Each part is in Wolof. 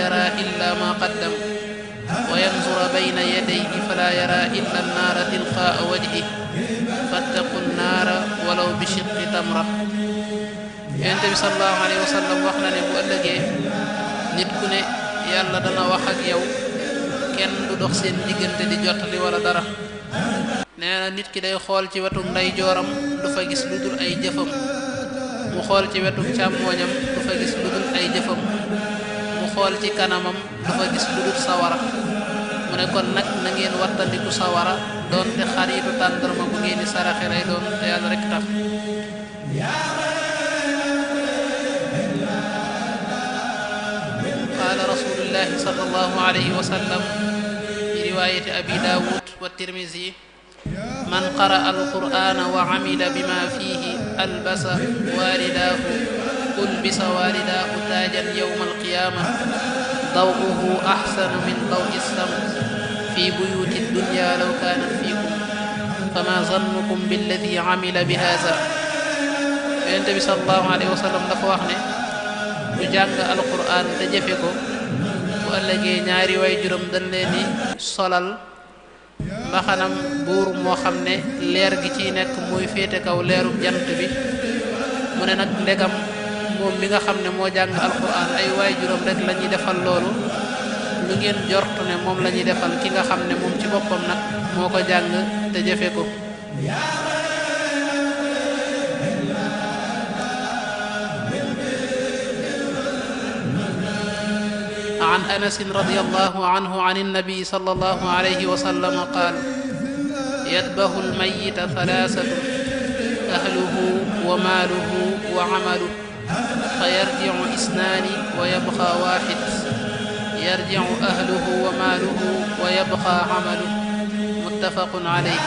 يرى wa sallam wax na ne bu ëllëgee nit ku ne yàlla dana wax ak kenn du dox seen diggante di jottali wala dara nee nit ki day xool ci wetu ndeyjooram du fa gis lu dul ay jëfam mu xool ci wetu càmmooñam du fa gis lu dul ay jëfam xool ci kanamam du fa gis lu dul sawara mu ne kon nag na ngeen wattandiku sawara doonte xaritu tàndarma bu ngeen di saraxe lay doon te yàlla rek tax qaala rasulullahi sallallahu alayhi wa sallam fi riwaayati abi daawud wa tirmisi man qara'a alqur'ana wa amila bima fihi albasa waalidaahu kun bisawaarida utaajan yowma alqiyaama dawuhu axsanu min dawi shams fi buyuti dunya law kaanat fiikum fama zannukum bi haza yonent bi sallallahu alayhi wa ne te jëfe ko bu ëllëgee ñaari way juróom dañ leen di solal mbaxanam buur moo xam ne leer gi ciy nekk muy féete kaw leeru jant bi mu ne nag ndegam moom mi nga xam ne moo jàng alquran ay waay juróom rek la ñuy defal loolu lu ngeen jort ne moom la ñuy defal ki nga xam ne moom ci boppam nag moo ko jàng te jëfe ko عن أنس رضي الله عنه عن النبي صلى الله عليه وسلم قال يذبح الميت ثلاثة أهله وماله وعمله فيرجع اثنان ويبقى واحد يرجع أهله وماله ويبقى عمله متفق عليه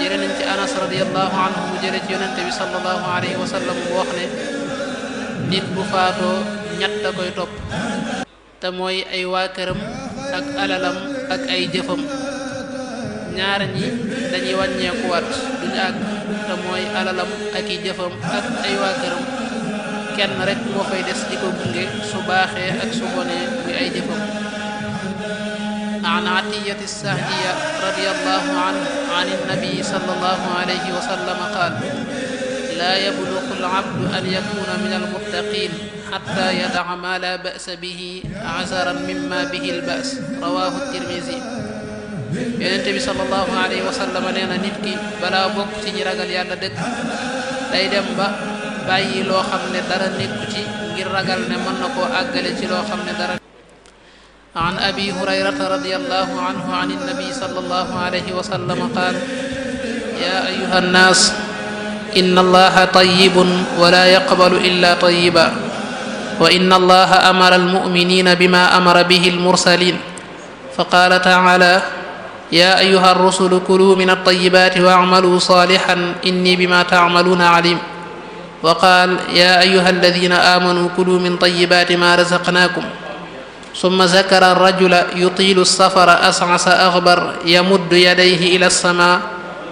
jële nañ ci anas radiallahu anhu mu jële ci yonente bi salallahu wa sallam mu wax nit bu faatoo ñett koy topp te mooy ay waa këram ak alalam ak ay jëfam ñaar ñi dañuy wàññeekuwaat duñu àgg te mooy alalam ak i jëfam ak ay waa kenn rek moo fay des di ko gunge su baaxee ak su bonee muy ay jëfam an atiyati sahdiya radiyallahu anhu an innabi sallallahu alayhi wa sallam qaal laa yabluqu alabdu an yakuna min almuttaqin xatta yadaca ma la basa bihi azaran mimma bihi albas rawahu tirmisi yonent bi sallallahu alayhi wa sallam nee na nit ki balaa bokk ci ñi ragal yàlla dëgg day dem ba bàyyi loo xam ne dara nekku ci ngir ragal ne mën na koo àggale ci loo xam ne dara an abi hurayrata radiyallahu anhu an innabi sallallahu alayhi wa sallam qaal yaa ayuha annaas inna allaha tayyibun wa la yaqbalu illa tayyiba wa inna allaha amara almu'minina bima amara bihi almursalin fa qaala taala yaa ayuha rusulu kulu min altayibati wa amalu salihan inni bima taamaluuna alim وقال يا أيها الذين آمنوا كلوا من طيبات ما رزقناكم ثم ذكر الرجل يطيل السفر أسعس أغبر يمد يديه إلى السماء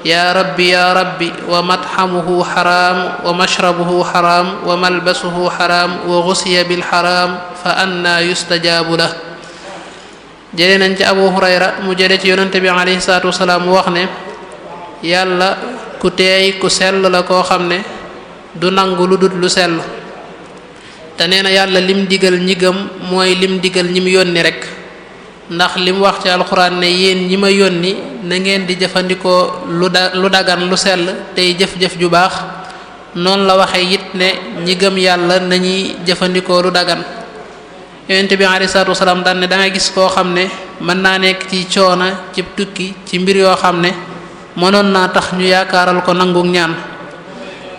يا ربي يا ربي ومطعمه حرام ومشربه حرام وملبسه حرام وغسي بالحرام فأنى يستجاب له jëlee nañ ci Abu Hurayra mu jëlee ci yonante bi alayhi salaatu wasalaam mu wax ne yàlla ku teey ku sell la koo xam ne du nangu lu dut lu sell te nee na yàlla lim digal ñi gëm mooy lim digal ñi mu yónni rek ndax lim wax ci alxuraan ne yéen ñi ma yónni nangeen di jëfandikoo lu lu dagan lu sell tey jëf-jëf ju baax noonu la waxe it ne ñi gëm yàlla nañuy jëfandikoo lu dagan yonent bi alayhi salaatu wasalaam daan ne da gis koo xam ne mën naa nekk ci coona ci tukki ci mbir yoo xam ne mënoon naa tax ñu yaakaaral ko nangu ñaan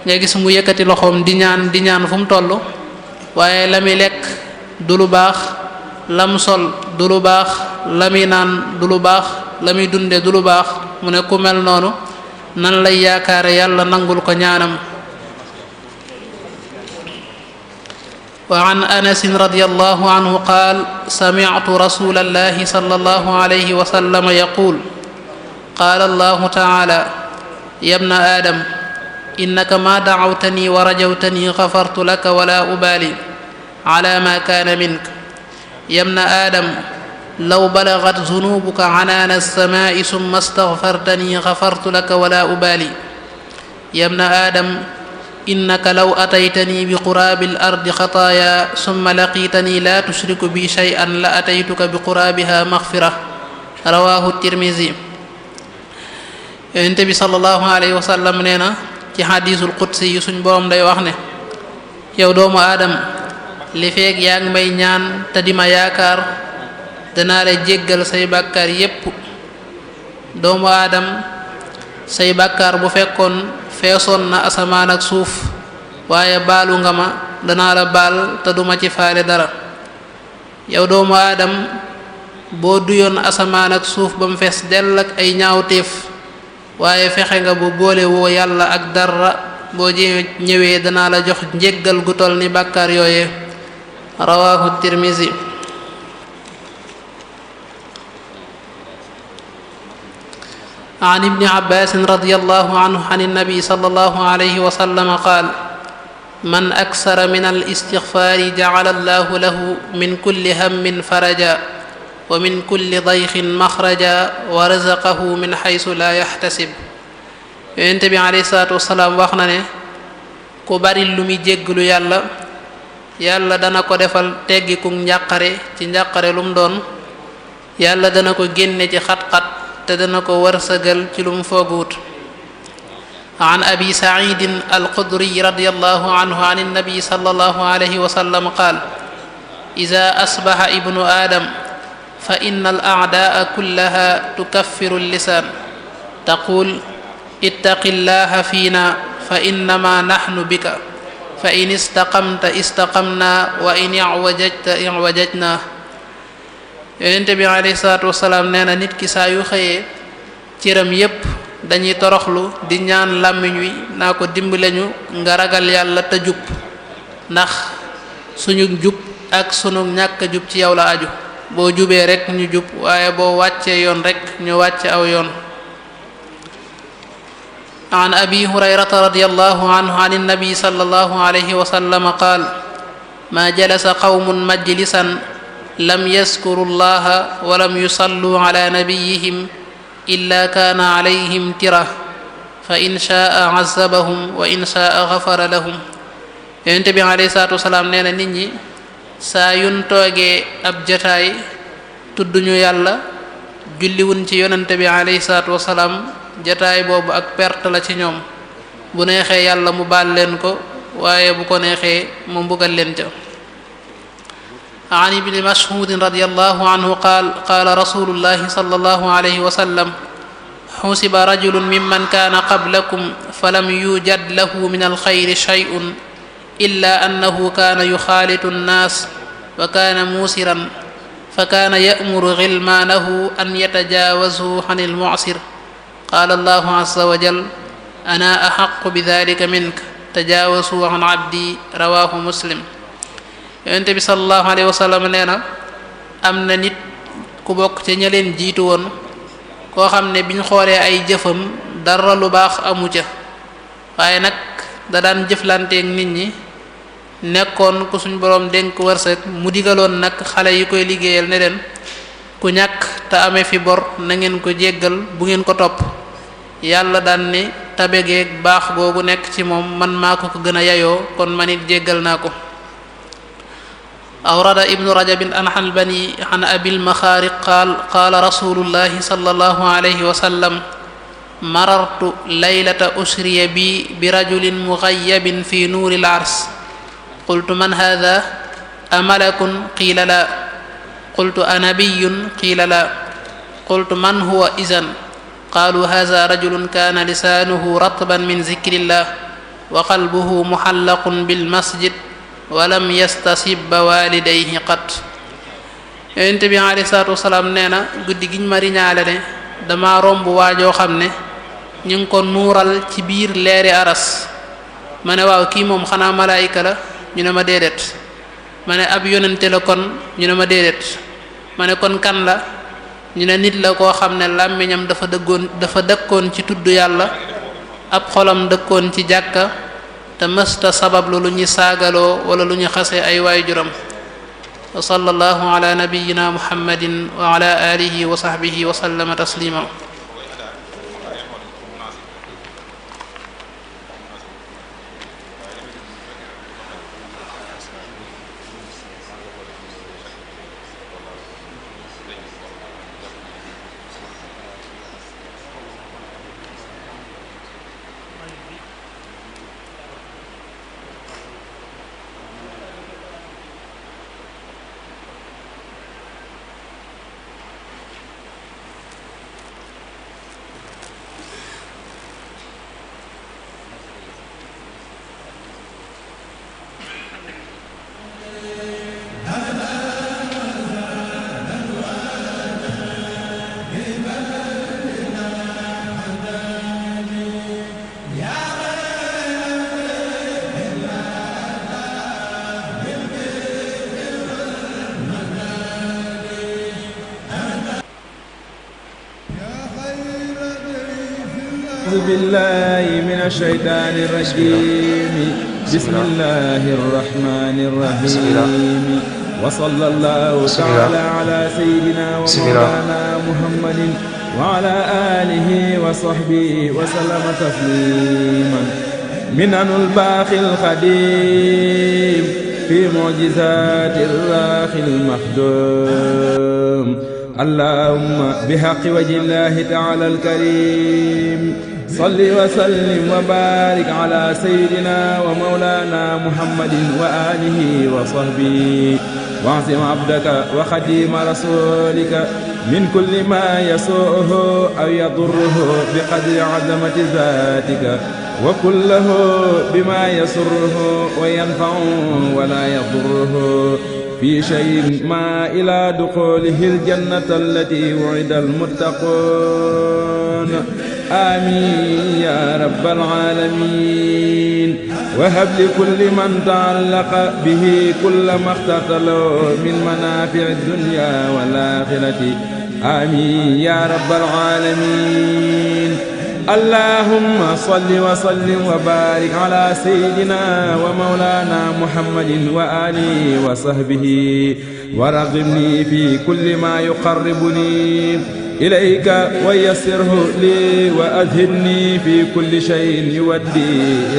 ngay gis mu yëkkati loxoom di ñaan di ñaan fu mu toll waaye la muy lekk du lu baax lam sol du lu baax la muy naan du lu baax la muy dunde du lu baax mu ne ku mel noonu nan lay yaakaare yàlla nangul ko ñaanam wa an anasin radiyallahu anhu qaal sami'tu rasulallahi sallallahu alayhi wa sallam ya ibna aadam innaka maa dacawtani wa rajawtani xafartu laka wala ubaali ala ma kaana mink yabna aadam law balagat zunubuka canaana alsamaai summa staxfartani xafartu laka wala ubaali yabna aadam innaka law ataytani bi quraabi alardi xataaya summa laqiitani laa tushriku bi shay'an la ataytuka bi quraabiha maxfira rawaahu tirmisi yonent bi sallallahu alayhi wa sallam nee na ci xadiisul qudsi yi suñ borom day wax ne yow doomu aadam li feeg yaa ngi may ñaan te di ma yaakaar danaa la jéggal say bàkkaar yépp doomu aadam say bàkkaar bu fekkoon feesoon na asamaan ak suuf waaye baalu nga ma danaa la baal te duma ci faale dara yow doomu aadam boo duyoon asamaan ak suuf ba fees dell ak ay ñaawteef waaye fexe nga bu boole woo yàlla ak dara boo jë ñëwee danaa la jox njéggal gutol ni bàkkaar yooye rawaahu tirmisi an ibni abbasin radiallahu anhu an innabi sallallahu alayhi wa qaal man aksara min al istixfaari jacala allahu min kulli hammin faraja wa min kulli dayxin maxraja wa razaqahu min xaysu laa yaxtasib wax na ne ku bari lu muy jégglu yàlla yàlla dana ko defal teggiku njàqare ci njàqare lu mu doon yàlla dana ko génne ci xat-xat te dana ko wërsëgal ci lum mu fooguwut abi saidin alxudri radiallahu anhu an annabi sallallahu alayhi wa sallam qaal ida asbaxa ibnu aadam fa inna al aadaa kullaha tukaffiru llisaan taqul ittaqi llaha fiina fa innama nahnu bika fa in istaqamta istaqamna wa in iwajajta iwajajna yonente bi alayhi salaatu wasalaam nit ki saa yu xëyee cëram yépp dañuy toroxlu di ñaan làmmiñ wi naa ko dimbale ñu nga ragal yàlla te jub ndax suñu jub ak sunu ñàkk jub ci yow la aju boo jubee rek ñu jub waaye boo wàccee yoon rek ñu wàcce aw yoon an abi hurayrata radiyallahu anhu an annabi sallallahu alayhi wa sallam qaal maa jalasa qawmun majlisan lam yaskuru llaha wa lam yusalluu ala nabiyihim illa kaana alayhim tira fa in shaa azabahum wa in shaa gafara lahum yonente bi alayhi salaatu wasalaam nee na nit ñi saa yun toogee ab jataay tudduñu yàlla julliwun ci yonente bi alayhi salaatu wasalaam jataay boobu ak perte la ci ñoom bu neexee yàlla mu baal leen ko waaye bu ko neexee mu mbugal leen ca an ibni mashuudin radiallahu anhu qaal qaala rasulullahi sallallahu alayhi wa sallam xusiba rajulun mimman kaana qablakum falam yujad lahu min alxayri shay'un illa annahu kaana yuxaalitu nnaas wa kaana muusiran fa kaana ya'muru gilmaanahu an yatajaawazhu an almu'sir qaala allahu azza wa bi dalika minka tajaawazhu an abdi rawaahu muslim yonent bi sallallahu alayhi wa sallam na am na nit ku bokk ca ña leen jiitu woon koo xam ne biñ xoolee ay jëfam dara lu baax amu ca waaye nag da daan jëflanteeg nit ñi nekkoon ku suñ borom dénk wërsëg mu digaloon nag xale yi koy liggéeyal ne leen ku ñàkk te ame fi bor na ngeen ko jéggal bu ngeen ko topp yàlla daan ne tabegeeg baax googu nekk ci moom man maa ko ko gën a yayoo kon man it jéggal naa ko awrada ibnu rajabin an xalbani an abil qaal qaala rasulullahi sallallahu alayhi marartu laylata usriya bi bi rajulin muxayyabin fi nuuril ars qultu man hada a malakun qiila la qultu a nabiyun la qultu man huwa idan qaalu hada rajulun kaana lisaanuhu ratban min zikrillah wa qalbuhu muxallaqun bilmasjid walam yastasibba waalidayhi qat yonent bi alayhi salaatu wasalaam nee na guddi giñ ma riñaale ne dama romb waajoo xam ne ñu ngi nuural ci biir leeri aras ma ne waaw kii moom xanaa malaayika la ñu ne ma déedéet ma ne ab yonente la kon ñu ne ma déedéet ma ne kon kan la ñu ne nit la koo xam ne làmmiñam dafa dëggoon dafa dëkkoon ci tudd yàlla ab xolam dëkkoon ci jàkka te mësta sabab lu ñuy saagaloo wala lu ñu xase ay waajuram wa sallallahu ala nabiyyina muhammadin wa ala alihi wa sahbihi wa sallama taslima الشيطان الرجيم بسم الله الرحمن الرحيم وصلى الله تعالى على سيدنا ومولانا محمد وعلى آله وصحبه وسلم تسليما منن الباقي القديم في معجزات الراخي المخدوم اللهم بحق وجه الله تعالى الكريم salli wa sallim wa baarik ala sayyidina wa mawlana muhammadin wa alihi wa sahbihi واعصم عبدك وخديم رسولك من كل ما يسوءه أو يضره بقدر عظمة ذاتك وكله بما يسره وينفع ولا يضره في شيء ما إلى دخوله الجنة التي وعد المتقون آمين يا رب العالمين وهب لكل من تعلق به كل ما اختطله من منافع الدنيا والآخرة آمين يا رب العالمين اللهم صل وسلم وبارك على سيدنا ومولانا محمد وآله وصحبه ورغمني في كل ما يقربني ilayka wa yassirhu lii wa adhibni fi kulli shay'in yuwaddi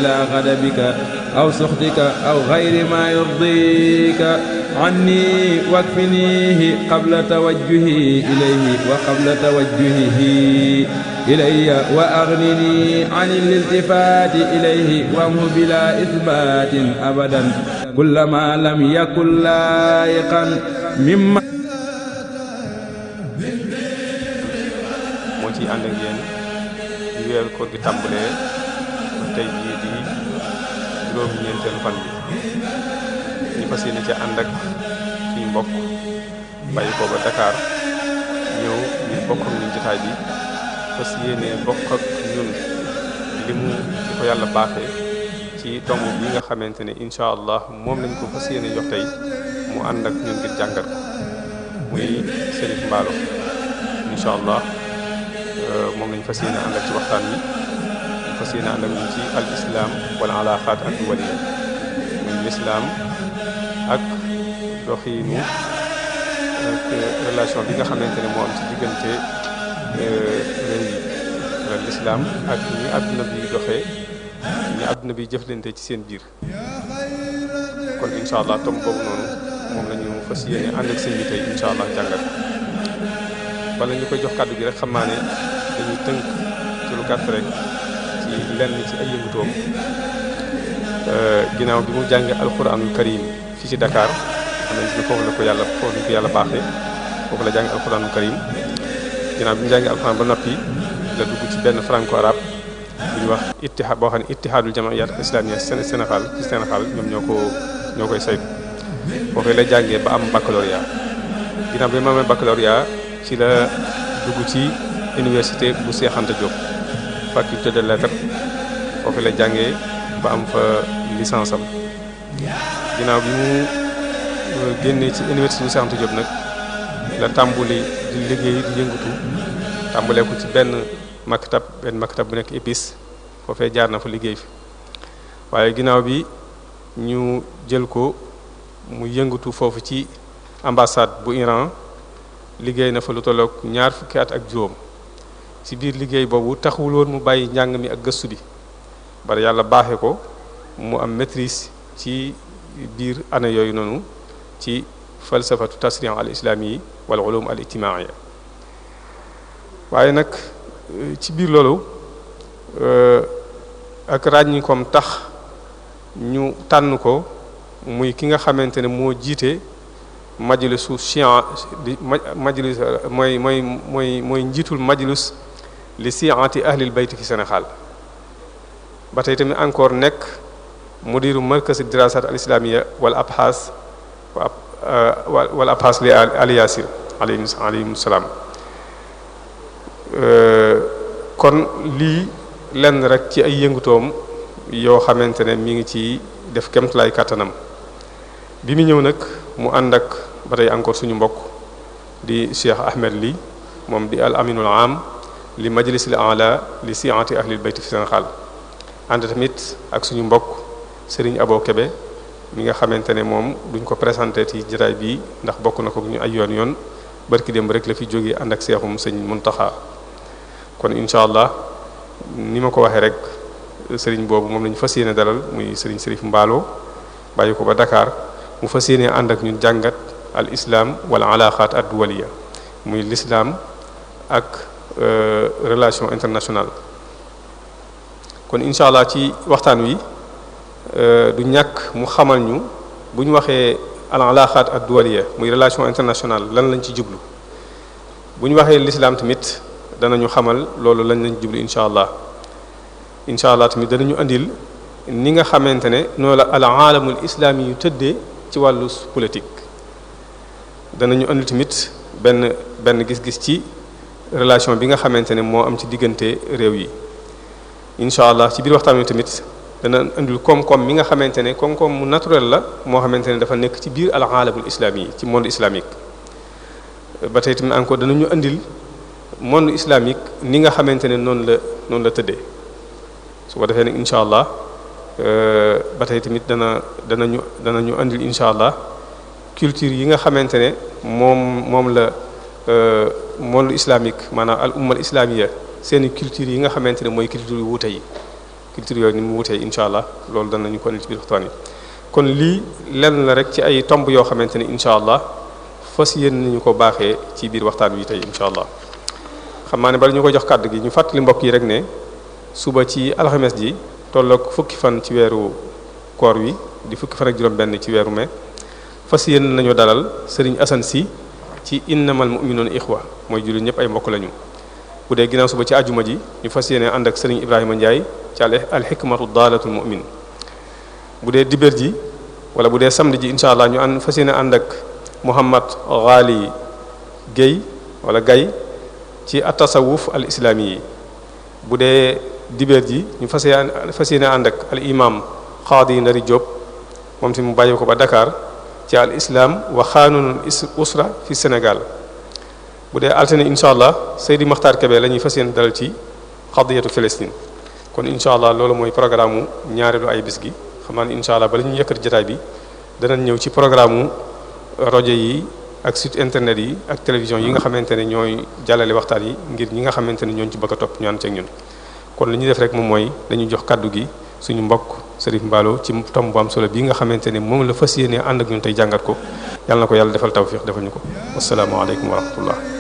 ila ghadabika aw suxtika aw ghayri ma yurdika anni wakfinihi qabla tawajjuhi ilayhi wa qabla tawajjuhihi ilayya wa aghnini an al-iltifati ilayhi wamhu bila ithbatin abadan kullama lam yakun layiqan mimma ko gi tàmbalee ba tey jii di juróom-ñeenteelu fan bi ñu fas yéene ci ànd ak suñu mbokk bàyyi ko ba Dakar ñëw ñu bokk ak ñun jotaay bi fas yéene bokk ak ñun li mu di ko yàlla baaxee ci tomb bi nga xamante ne incha allah moom lañ ko fas yéene jox tey mu ànd ak ñun ngir jàngat muy Serigne Mballo incha allah. Euh, moom lañu fas yéene ànd ak ci waxtaan mi fas yéene ànd ak ñun ci al islam wala alaaxaat ak waliya muy lislaam ak doxiinu ak relation bi nga xamante ne moo am ci diggante euh, réew yi wala lislaam ak ñi àdduna bi doxee ñi àdduna bi jëflante ci seen biir kon incha allah tom boobu noonu moom la ñu fas yéene ànd ak seen bi tey incha allah jàngat bala ñu koy jox kàddu gi rek xam naa ne dañuy tënk ci lu gàtt rek ci lenn ci ay yëngutoom euh, ginnaaw bi mu jàngee alxuraanul karim fii ci dakaar xam nañ ni foofu la ko yàlla foofu la ko yàlla foofu la jàngee alxuraanul karim ginnaaw bi mu jàngee alxuraan ba noppi la dugg ci benn franco arabe bu ñu wax ittiha boo xam ne ittihaadul jamaiyat islamiyya Sénégal ci Sénégal ñoom ñoo ko ñoo koy saytu foofee la jàngee ba am baccalauréat ginnaaw bi ma amee baccalauréat ci la dugg ci. université bu Cheikh Anta Diop faculté de lettres foofu la jàngee ba am fa licence ginnaaw bi mu euh, génnee ci université bu Cheikh Anta nag la tàmbuli di liggéey di yëngatu tàmbalee ko ci benn maktab benn maktab bu nekk épice foofee jaar na fa liggéey fi waaye ginnaaw bi ñu jël ko mu yëngatu foofu ci ambassade bu Iran liggéey na fa lu tolloog ñaar fukki at ak juróom ci biir liggéey boobu taxul mu bàyyi njàng mi ak gëstu bi bari yàlla baaxe ko mu am maîtrise ci biir année yooyu noonu ci falsafatu tasrian al islaami yi wal ulum al ijtimaaiya waaye nag euh, ci biir loolu euh, ak ràññi kom tax ñu tànn ko muy ki nga xamante ne moo jiite majlisu chian di majlis mooy mooy mooy mooy njiitul majlis li siati ahlil bayt fi Sénégal ba tey tamit encore nekk mudiru markasi dirasat al islamia wal abxaas euh, wal abxaas li al yasir mu salaam euh, kon lii lenn rek ci ay yëngutoom yoo xamante ne mi ngi ci def kemtalaay kàttanam bi mu ñëw nag mu ànd ak ba tey encore suñu mbokk di Cheikh Ahmed Ly moom di al aminul am li majlis al a'la li si'ati ahli al bayt fi Sénégal ànd tamit ak suñu mbokk Serigne Abo Kebe mi nga xamante ne moom duñ ko présenter ci jotaay bii ndax bokk na ko ñu ay yoon yoon barki dem rek la fi jógee ànd ak seexum sëñ Muntaxa kon incha allah ni ma ko waxee rek Serigne boobu moom lañu fas yéene dalal muy Serigne Serif Mballo bàyyi ko ba Dakar mu fas yéene ànd ak ñun jàngat al islaam wala alaqaat ad duwaliya muy l'islam ak. Euh, relation internationale kon incha allah ci waxtaan wi euh, du ñàkk mu xamal ñu bu ñu waxee al alaaqaat ad duwaliya muy relation internationale lan lañ ci jublu bu ñu waxee l'islam tamit danañu xamal loolu lañ lañ jublu incha allah incha allah tamit danañu indil ni nga xamante ne noonu la al aalamul islami yu tëddee ci wàllu politique danañu andil tamit benn benn gis-gis ci relation bi nga xamante ne moo am ci diggante réew yi incha allah ci biir waxtaan tamit dana indil koom-koom mi nga xamante ne koom-koom mu naturel la moo xamante ne dafa nekk ci biir al aalamul islami yi ci monde islamique ba tey tamit encore danañu indil monde islamique ni nga xamante ne noonu la noonu la tëddee su defee nag incha allah euh, ba tey tamit dana danañu danañu indil incha allah culture yi nga xamante ne moom moom la Euh, monde islamique maanaam al ummal islamia seeni culture yi nga xamante ne mooy culture yu wuute yi culture yooyu ni mu wute yi incha allah loolu danañu ko nit ci biir waxtaan yi kon lii lenn la rek ci ay tomb yoo xamante ni incha allah fas yéen nañu ko baaxee ci biir waxtaan wi tey incha allah xam naa ne bala ñu ko jox kàddu gi ñu fàttali mbokk yi rek ne suba ci alxames ji tollook fukki fan ci weeru koor wi di fukki fan ak juróom benn ci weeru mai fas yéen nañu dalal sëriñ Assane si ci innamal mu'minuuna ixwa mooy jullit ñëpp ay mbokk lañu bu dee ginnaaw suba ci ajuma ji ñu fas yéene ànd ak sëriñ Ibrahima Ndiaye ci al hikmatu daalatul mu'min bu dee dibéer ji wala bu dee samedi ji incha allah ñu ànd fas yéene ànd ak Muhammad Ghali Guèye wala Gaye ci atasawuf al islami yi bu dee dibéer ji ñu fas yéene fas yéene ànd ak al imam Xaadi Ndari Diop moom si mu bàyyi ko ba dakaar ci al islam wa xaanunul usra fi Sénégal bu dee altine incha allah Seydi Makhtar kebe la ñuy fas yéene dalal ci xadiyatu Palestine kon incha allah loolu mooy programme mu ñaareelu ay bis gi xam naa ne incha allah bala ñu yëkkati jotaay bi danañ ñëw ci programme mu rajo yi ak sut internet yi ak télévision yi nga xamante ne ñooy jàllale waxtaan yi ngir ñi nga xamante ne ñooñu ci bëgg topp ñu ànd ceeg ñun kon li ñu def rek moom mooy dañuy jox kàddu gi. suñu mbokk Serigne Mballo ci tomb bu am solo bii nga xamante ne moom la fas yéene ànd ak ñun tey jàngat ko yàlla na ko yàlla defal tawfiq defal ñu ko wasalaamaaleykum wa rahmatullah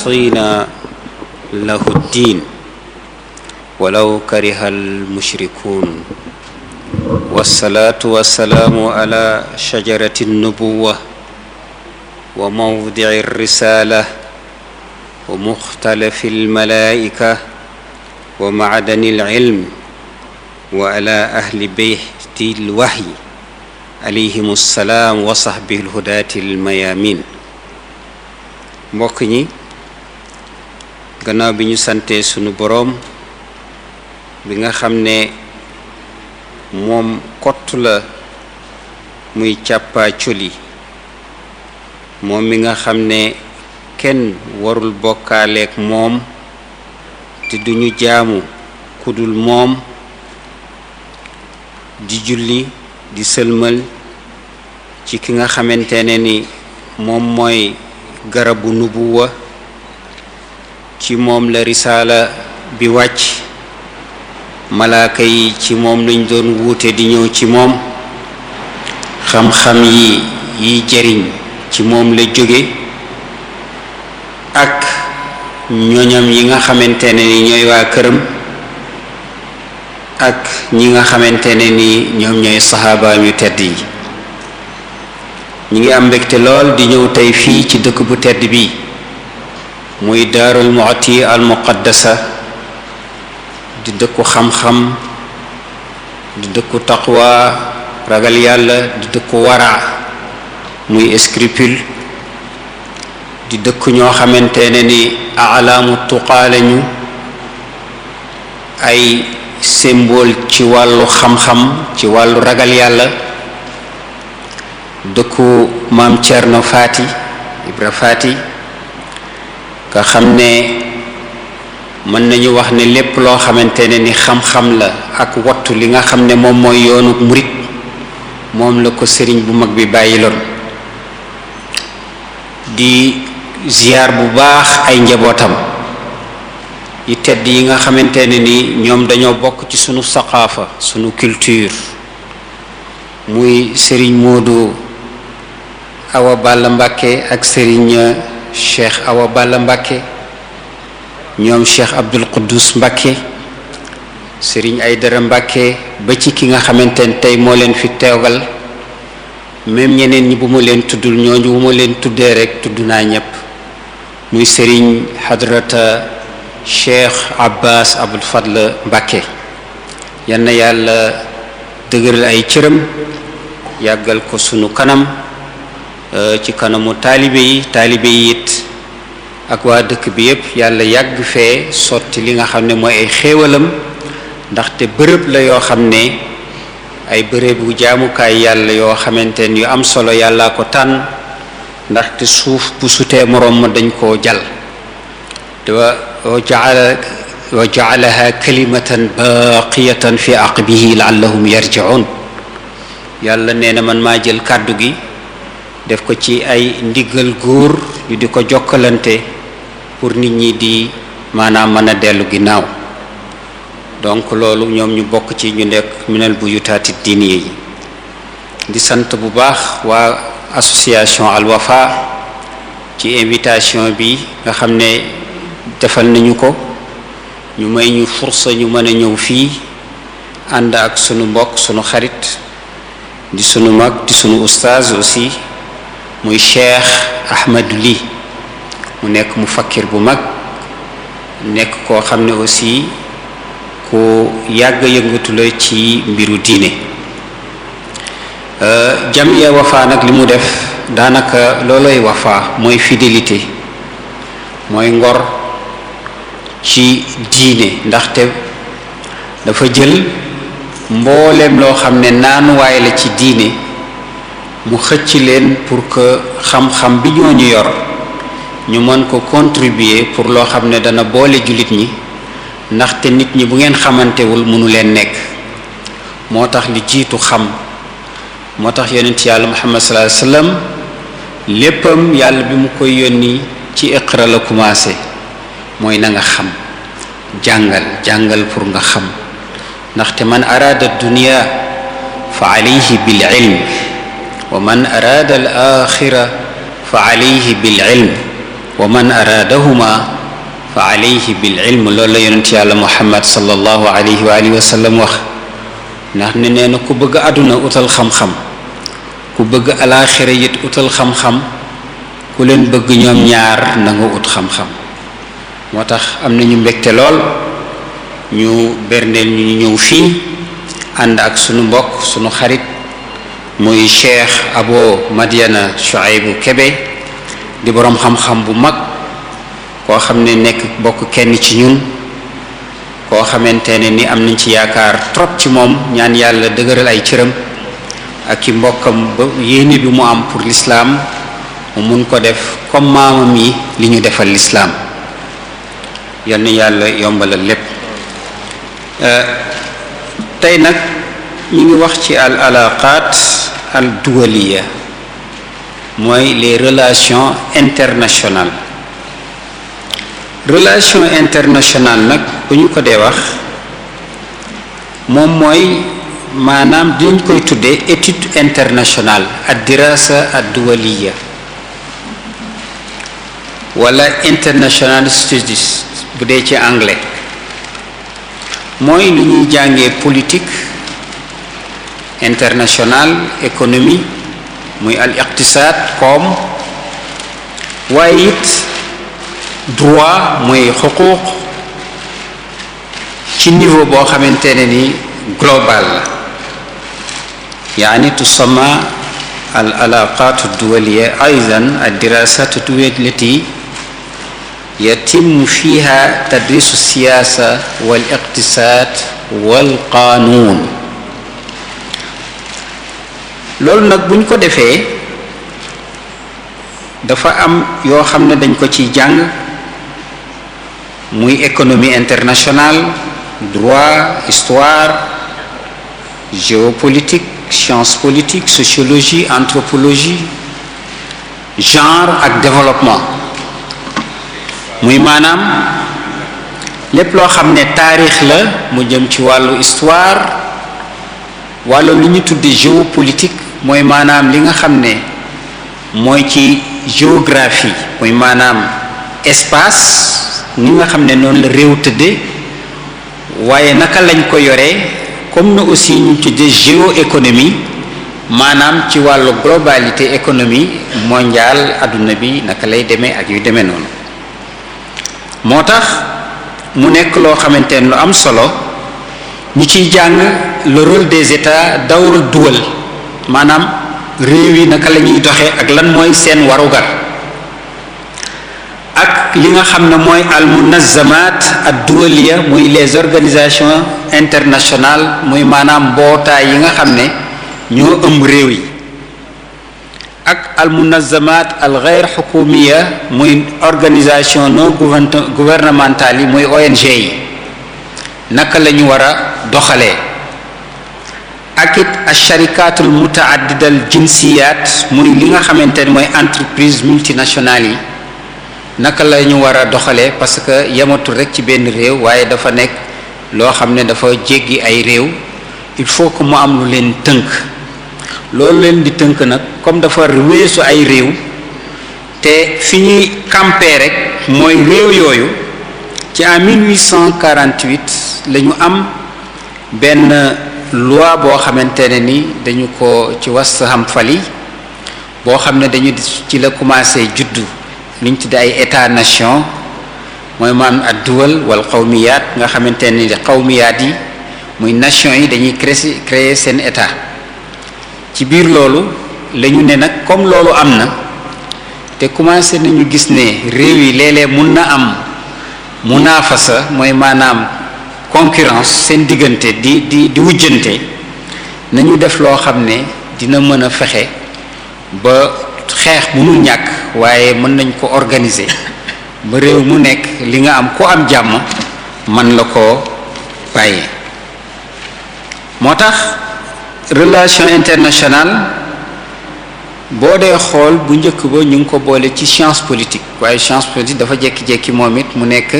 مخلصين له الدين ولو كره المشركون والصلاة والسلام على شجرة النبوة وموضع الرسالة ومختلف الملائكة ومعدن العلم وعلى أهل بيت الوحي عليهم السلام وصحبه الهداة الميامين mbokk ñi gannaaw bi ñu santee sunu boroom bi nga xam ne moom kott la muy càppaa coli moom mi nga xam ne kenn warul bokkaaleek moom te duñu jaamu kudul moom di julli di sëlmal ci ki nga xamante ne ni moom mooy garabu nubuwa ci moom la risaala bi wàcc malaaka yi ci moom lañ doon wuute di ñëw ci moom xam-xam yi yi jariñ ci moom la jóge ak ñoñam yi nga xamante ne ni ñooy waa këram ak ñi nga xamante ne ni ñoom ñooy saxaabaam yu tedd yi ñu ngi am mbégte lool di ñëw tey fii ci dëkk bu tedd bii muy daarul muxti al muqaddasa di dëkku xam-xam di dëkku taqwa ragal yàlla di dëkku wara muy scrupule di dëkku ñoo xamante ne ni alaamu tuqaa lañu ay symbole ci wàllu xam-xam ci wàllu ragal yàlla dëkku maam Cerno Faati Ibra nga xam ne mën nañu wax ne lépp loo xamante ne ni xam-xam la ak wottu li nga xam ne moom mooy yoonu murit moom la ko sëriñ bu mag bi bàyyi bàyyiloon di ziar bu baax ay njabootam yi tedd yi nga xamante ne ni ñoom dañoo bokk ci sunu saqaafa sunu culture muy sëriñ Moodu Awa Balla Mbàkke ak sëriñ cheikh Awa Balla Mbacke ñoom cheikh Abdul Quddus Mbacke sëriñ Aydara Mbacke ba ci ki nga xamante ne tey moo leen fi teewal même ñeneen ñi bu ma leen tuddul ñooñu bu ma leen tuddee rekk tudd naa ñëpp muy sëriñ hadrata cheikh Abbas Abdul Fadl Mbacke yal na yàlla dëgëral ay cëram yàggal ko sunu kanam. Euh, ci kanamu taalibe yi taalibe yi it ak waa dëkk bi yépp yàlla yàgg fee sotti li nga xam ne mooy ay xéewalam ndaxte bërëb la yoo xam ne ay bërëbu jaamukaay yàlla yoo xamante yu am solo yàllaa ko tànn ndaxte suuf bu sutee moroom ma dañ koo jal te wa jaala wa jaalaha kalimatan baqiyatan fi aqbihi laallahum yarjiun yàlla nee na man maa jël kàddu gi def ko ci ay ndigal góor yu di ko jokkalante pour nit ñi di maanaam mën a dellu ginnaaw donc loolu ñoom ñu bokk ci ñu nekk minel bu yutaati diine yi di sant bu baax waa association Al ci invitation bi nga xam ne defal nañu ko ñu may ñu fursa ñu mën a ñëw fii ànd ak sunu mbokk sunu xarit di sunu mag di sunu ustaaz aussi muy cheikh ahmadu li mu nekk mu fakkir bu mag nekk koo xam ne aussi ku yàgg yëngatu la ci mbiru diine euh, jamiya wafa nag li mu def daanaka looloy wafa mooy fidélité mooy ngor ci diine ndaxte dafa jël mbooleem loo xam ne naanuwaay la ci diine mu xëcc leen pour que xam-xam bi ñoo ñu yor ñu mën ko contribuer pour loo xam ne dana boole jullit ñi ndaxte nit ñi bu ngeen xamantewul mënu leen nekk moo tax li jiitu xam moo tax yonent yàlla muhammad sallallahu alayhi wasallam léppam yàlla bi mu koy yónni ci iqra la commencé mooy na nga xam jàngal jàngal pour nga xam ndaxte man arada dunia fa alayhi bil ilm wa man araada al axira fa alayhi bil ilm wa man araadahuma fa alayhi bil ilm loolu la yonent yàlla muhammad sallallahu alayhi wa alihi wa wax ndax ne nee na ku bëgg àdduna utal xam-xam ku bëgg alaaxira it utal xam-xam ku leen bëgg ñoom ñaar na nga ut xam-xam moo tax am na ñu mbégte lool ñu berndeel ñu ñëw fii ànd ak sunu mbokk sunu xarit muy cheikh abo madiana Shuaybu Kebe di boroom xam-xam bu mag koo xam ne nekk bokk kenn ci ñun koo xamante ne ni am nañ ci yaakaar trop ci moom ñaan yàlla dëgëral ay cëram ak i mbokkam ba yéene bi mu am pour l'islam mu mun ko def comme maamam yi li ñu defal lislaam yal yàlla yombalal lépp euh, tey nag ñu ngi wax ci al alaqaat al duwaliya mooy les relations internationales relation international nag bu ñu ko dee wax moom mooy maanaam dinañ koy tuddee étude internationale ad dirasa ad duwaliya wala international studies bu dee ci anglais mooy lu ñuy jàngee politique international économie muy al iqtisaad koom waaye droit muy xuquuq ci niveau boo xamante ne ni global la yaani tusamma al alaqaatu duwaliya aidan al dirasatu duwaliya lati yatim fiha tadrisu siyaasa wal iqtisaad wal qaanuun loolu nag bu buñ ko defee dafa am yoo xam ne dañ ko ciy jàng muy économie internationale droit histoire géopolitique science politique sociologie anthropologie genre ak développement muy maanaam lépp loo xam ne taarix la mu jëm ci wàllu histoire wàllu lu ñu tudde géopolitique mooy maanaam li nga xam ne mooy ci géographie mooy maanaam espace ni nga xam ne noonu la réew tëdde waaye naka lañ ko yoree comme na aussi ñu ci géo géoéconomie maanaam ci wàllu globalité économie mondiale àdduna bi naka lay demee ak yu demee noonu moo tax mu nekk loo xamante ne lu am solo ñu ciy jàng le rôle des états dawrul duwal maanaam réew yi naka la ñuy doxee ak lan mooy seen warugar ak li nga xam ne mooy al munazamat ad muy les organisations internationales muy maanaam mbootaay yi nga xam ne ñoo ëmb réew yi ak al munazamat al ghair muy organisation non gouvernementale yi muy ONG yi naka la ñu war a doxalee ak it asharikatul mutaaddidal jinsiyat muy li nga xamante ne mooy entreprise multinationale yi naka la ñu war a doxalee parce que yamatul rek ci benn réew waaye dafa nekk loo xam ne dafa jéggi ay réew il faut que mu am lu leen tënk loolu leen di tënk nag comme dafa weesu ay réew te fi ñuy campé rek mooy réew yooyu ci en 1848 la ñu am benn. loi boo xamante ne ni dañu ko ci was xam fali boo xam ne dañu ci la commencé juddu liñ tudde ay état nation mooy maam ad duwal wal qawmiyaat nga xamante ne ni qawmiyaat yi muy nation yi dañuy créer créer seen état ci biir loolu lañu ne nag comme loolu am na te commencé nañu gis ne réew yi léeg mun na am munaafasa mooy maanaam concurrence seen diggante di di di wujjante nañu def loo xam ne dina mën a fexe ba xeex bu mu ñàkk waaye mën nañ ko organiser ba réew mu nekk li nga am ku am jàmm man la ko bàyyee moo tax relation internationale boo dee xool bu njëkk ba ñu ngi ko boole ci science politique waaye science politique dafa jekki-jekki moom it mu nekk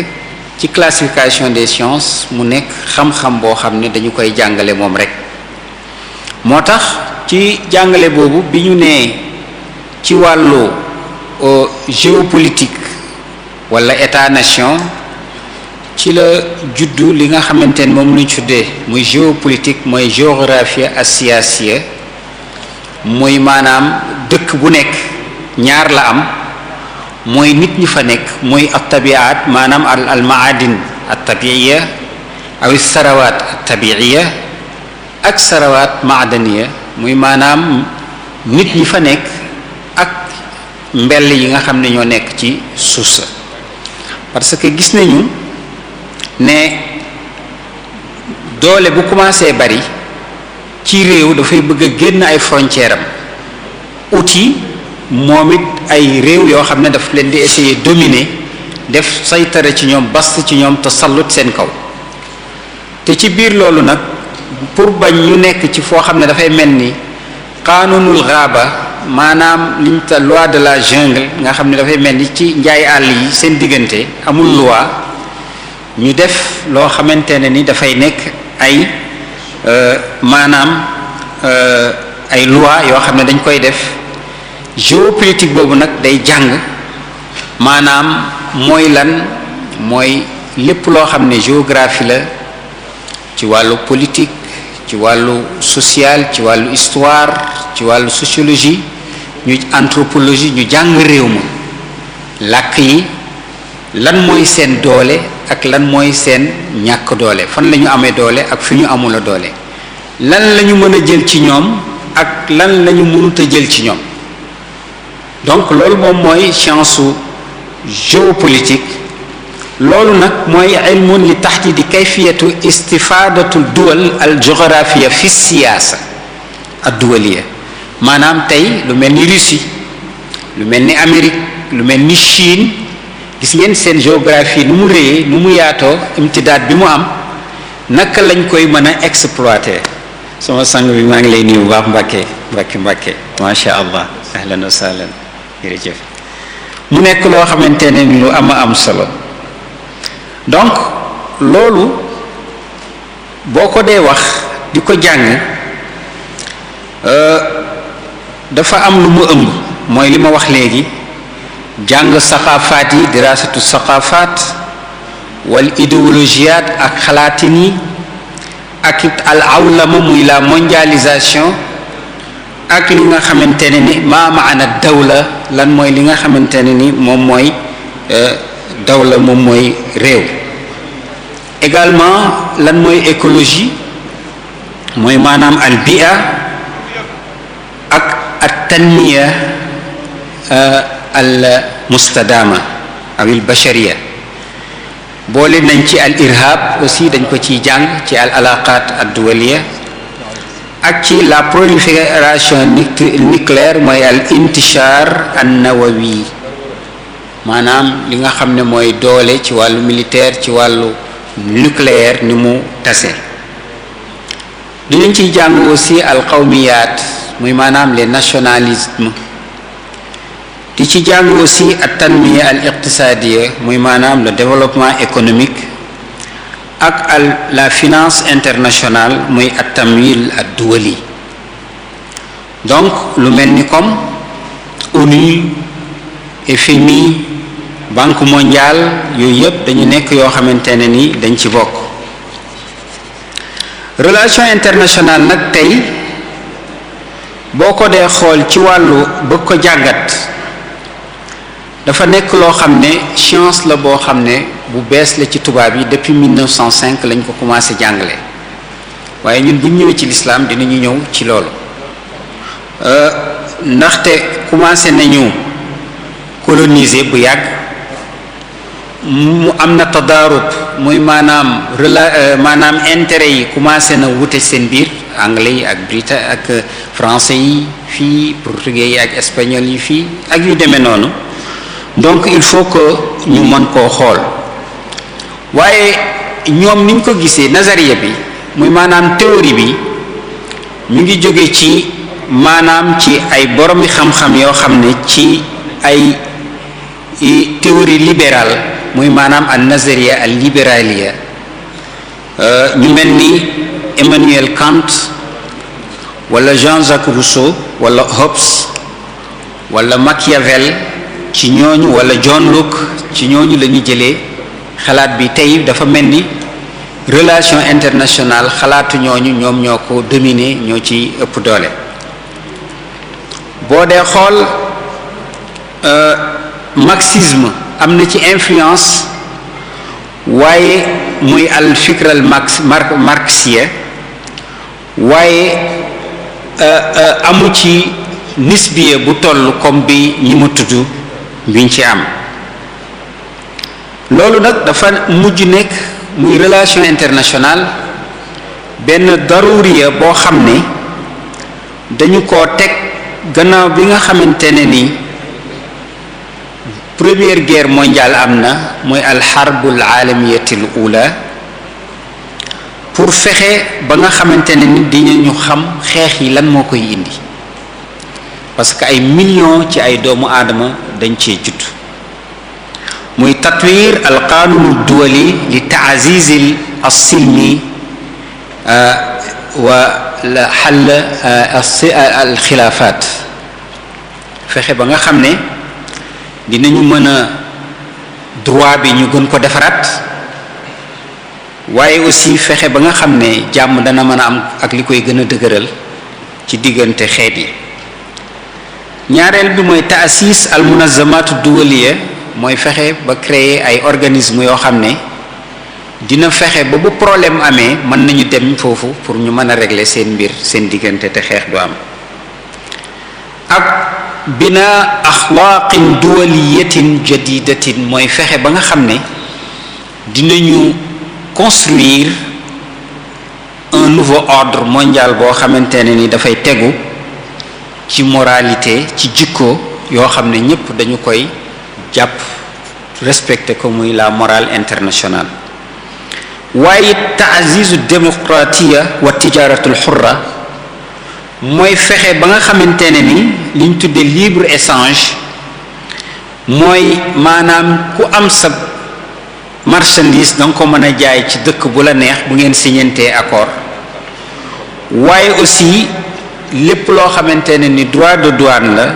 ci classification des sciences mu nekk xam-xam boo xam ne dañu koy jàngale moom rek moo tax ci jàngale boobu bi ñu nee ci wàllu euh, géopolitique wala état nation ci la juddu li nga xamante ne moom lañ tuddee muy géopolitique mooy géographie asiasie muy maanaam dëkk bu nekk ñaar la am mooy nit ñi fa nekk mooy at maanaam al al maadin at tabiiya aw sarawaat at tabiiya ak sarawaat maadaniya muy maanaam nit ñi fa nekk ak mbell yi nga xam ne ñoo nekk ci suuf sa parce que gis nañu ne doole bu commencé bari ci réew dafay bëgg a génn ay frontière am outil moom it ay réew yoo xam ne daf leen di essayer domine def saytare ci ñoom bast ci ñoom te sallut seen kaw te ci biir loolu nag pour bañ ñu nekk ci foo xam ne dafay mel ni xaanunul raaba maanaam liñ ta de la jungle nga xam ne dafay mel ni ci njaay àll yi seen diggante amul loi ñu def loo xamante ne ni dafay nekk ay euh, maanaam euh, ay loi yoo xam ne dañ koy def géopolitique boobu nag day jàng maanaam mooy lan mooy lépp loo xam ne géographie la ci wàllu politique ci wàllu social ci wàllu histoire ci wàllu sociologie ñu anthropologie ñu jàng réew ma làkk yi lan mooy seen doole ak lan mooy seen ñàkk doole fan la ñu amee doole ak fi ñu amula doole lan la ñu mën a jël ci ñoom ak lan la ñu mënut a jël ci ñoom donc loolu moom mooy science su géopolitique loolu nag mooy ilmun li tahdidi kayfiyatu istifadatu duwal al jughrafiya fi siyaasa ad duwaliya maanaam tey lu mel ni Russie lu mel ni Amérique lu mel ni Chine gis ngeen seen géographie nu mu réyee nu mu yaatoo imtidaat bi mu am naka lañ koy mën a exploiter sama sang bi maa ngi lay nuyu bu baax Mbàkke Mbàkke Mbàkke macha allah ahlan wa sahlan jërëjëf mu nekk loo xamante ne lu ama am solo donc loolu boo ko dee wax di ko jàng euh, dafa am lu mu ëmb mooy li ma wax léegi jàng saqaafaat yi dirasatu saqaafaat wal idéologiyaat ak xalaatin yi ak it al awlama muy la mondialisation ak li nga xamante ne ni maa maana dawla lan mooy li nga xamante ne ni moom mooy euh, dawla moom mooy réew également lan mooy écologie mooy maanaam al bia ak at tanmiya euh, al mustadama aw al bashariya boole nañ ci al irhab aussi dañ ko ciy jàng ci al alaqat ad duwaliya ak ci la prolifération nucléaire mooy al intishar an nawawi maanaam li nga xam ne mooy doole ci wàllu militaire ci wàllu nucléaire ni mu tase di dinañ ciy jàng aussi al qawmiyat muy maanaam les nationalismes di ci jàng aussi at tanmiya al iqtisadiya muy maanaam le développement économique ak al la finance internationale mooy at tamwil ad duwali donc lu mel ni comme ONU FMI banque mondiale yooyu yëpp dañu nekk yoo xamante ne ni dañ ci bokk relation internationale nag tey boo ko dee xool ci wàllu bëgg ko jàggat dafa nekk loo xam ne science la boo xam ne bu bees la ci tubaab yi depuis 1905 lañ ko commencé jàngale waaye ñun buñ ñëwee ci lislaam dinañu ñëw ci loolu euh, ndaxte commencé nañu coloniser bu yàgg mu am na tadaarub muy maanaam rela euh, maanaam intérêt yi commencé na wute seen biir anglais yi ak brita ak français yi fii portugais yi ak espagnol yi fii ak yu demee noonu donc il faut que ñu mën koo xool waaye ñoom niñ ko gisee nazariya bi muy maanaam théorie bi mu ngi jóge ci maanaam ci ay borom bi xam-xam yoo xam ne ci ay théorie libérale muy maanaam al nazariya al libéralia euh, ñu mel ni Emmanuel Kant wala Jean-Jacques Rousseau wala Hobbes wala Machiavel ci ñooñu wala John Locke ci ñooñu la ñu jëlee xalaat bi tey dafa mel ni relation internationale xalaatu ñooñu ñoom ñoo ko dominer ñoo ci ëpp doole boo dee xool euh, marxisme am na ci influence waaye muy al fikral marx marxien waaye euh, euh, amu ci nisbiye bu toll kom bi ñi mu tudd yuñ ci am loolu nag dafa mujj nekk muy relation internationale benn daruriya boo xam ne dañu ko teg gannaaw bi nga xamante ne ni première guerre mondiale am na mooy alxarbul aalamiyatil ula pour fexe ba nga xamante ne ni ñu xam xeex yi lan moo koy indi parce que ay million ci ay doomu aadama dañ cee judd muy tatwir al qanun duwali li taazizil assilmi euh, wa xal euh, euh, al xilaafaat fexe ba nga xam ne dinañu mën a droit bi ñu gën ko defaraat waaye aussi fexe ba nga xam ne jàmm dana mën a am ak li koy gën a dëgëral ci diggante xeet yi ñaareel bi mooy taasis al munazamatu duwaliya mooy fexe ba créer ay organisme yoo xam ne dina fexe ba bu problème amee mën nañu dem foofu pour ñu mën a régler seen mbir seen diggante te xeex du am ak bina axlaaqin duwaliyatin jadidatin mooy fexe ba nga xam ne dinañu construire un nouveau ordre mondial boo xamante ne ni dafay tegu ci moralité ci jikko yoo xam ne ñépp dañu koy jàpp respecté ko muy la morale internationale waaye taazizu démocratia wa tijaratul xurra mooy fexe ba nga xamante ne ni liñ tuddee libre échange mooy maanaam ku am sa marchandise danga ko mën a jaay ci dëkk bu la neex bu ngeen signantee accord waaye aussi lépp loo xamante ne ni droit de douane la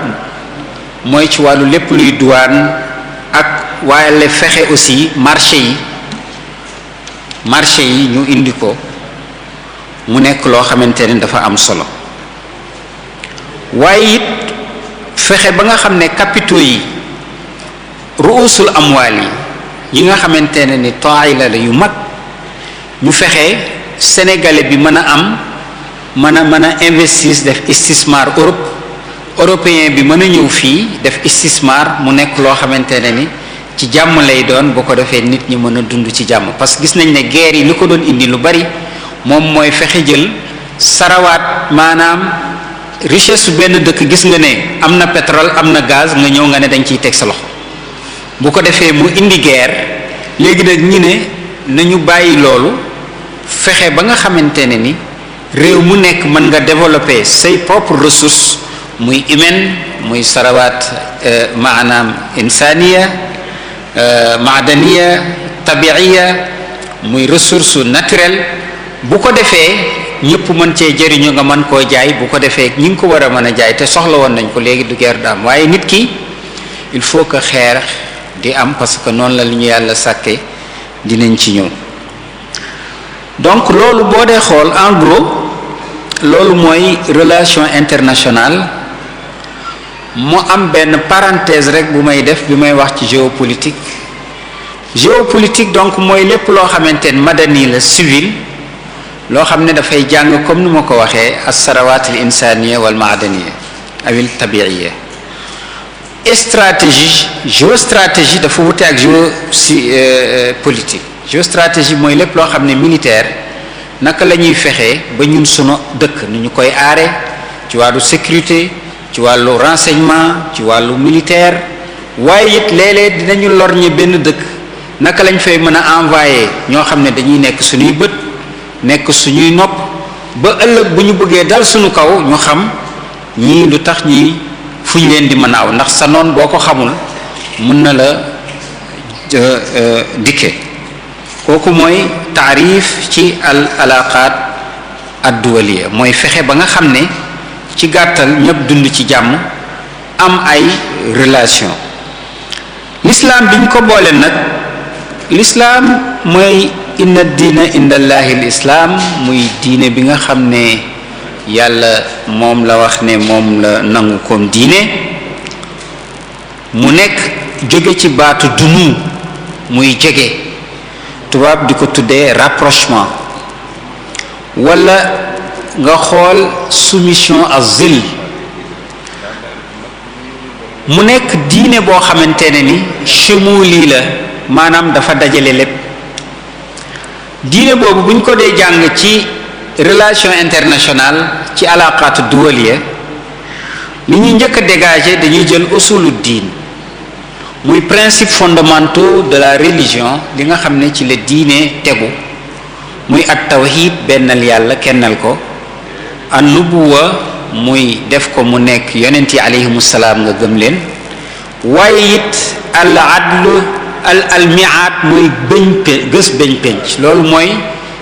mooy ci wàllu lépp luy douane ak waaye fexe aussi marché yi marché yi ñu indi ko mu nekk loo xamante ni dafa am solo waaye it fexe ba nga xam ne capitaux yi ruusul amwaal yi yi nga xamante ne ni taay la la yu mag ñu fexe sénégalais bi mën a am mën a mën a investir def istismar Europe européen bi mën a ñëw fii def istismar mu nekk loo xamante ne ni ci jàmm lay doon bu ko defee nit ñi mën a dund ci jàmm parce que gis nañ ne guerre yi li ko doon indi lu bari moom mooy fexe jël sarawaat maanaam richesse su benn dëkk gis nga ne am na pétrole am na gaz nga ñëw nga ne dañ ciy teg sa loxo bu ko defee mu indi guerre léegi nag ñi ne nañu bàyyi loolu fexe ba nga xamante ne ni réew mu nekk mën nga développer say propre ressource muy humaine muy sarawaat euh, maanaam insaniya euh, maadaniya tabiiya muy ressource naturelle bu ko defee ñëpp mën cee jëriñu nga mën koo jaay bu ko defee ñi ngi ko war a mën a jaay te soxla woon nañ ko léegi du guerre daam waaye nit ki il faut que xeer di am parce que noonu la li ñu yàlla sàkke dinañ ci ñëw donc loolu boo dee xool en loolu mooy relation international mu am benn parenthèse rek bu may def bi may wax ci géopolitique géopolitique donc mooy lépp loo xamante ne madani la civil loo xam ne dafay jàng comme ni ma ko waxee assarawat al insaniya wal maadaniya awil tabiiya stratégie géostratégie dafa wute ak géopolitique euh, géostratégie mooy lépp loo xam ne militaire naka la ñuy fexee ba ñun sunu dëkk nu ñu koy aare ci wàllu sécurité ci wàllu renseignement ci wàllu militaire waaye it léeg-léeg dinañu lorñe benn dëkk naka lañ fay mën a envoyer ñoo xam ne dañuy nekk suñuy bët nekk suñuy nopp ba ëllëg bu ñu bëggee dal suñu kaw ñu xam ñii lu tax ñii fu ñu leen di mën a aw ndax sa noon boo ko xamul mën na la euh, euh, dikke kooku mooy taarif ci al alaqaat adduwaliya mooy fexe ba nga xam ne ci gàttal ñëpp dund ci jàmm am ay relation lislaam biñ ko boole nag lislaam mooy inna diina indallahi lislaam muy diine bi nga xam ne yàlla moom la wax ne moom la nangu koom diine mu nekk jóge ci baatu dunu muy jege tubaab di ko tuddee rapprochement wala nga xool soumission azil mu nekk diine boo xamante ne ni chemuli la maanaam dafa dajale lépp diine boobu buñ ko dee jàng ci relation internationale ci alaqaatu duwaliya li ñuy njëkk a dégager dañuy jël usulu diin muy principe fondamentaux de la religion li nga xam ne ci la diine tegu muy at tawhid bennal yàlla kennal ko an nubuwa muy def ko mu nekk yonent yi alayhimu salaam nga gëm leen waaye it al al almiaat muy bëñ gës bëñ penc loolu mooy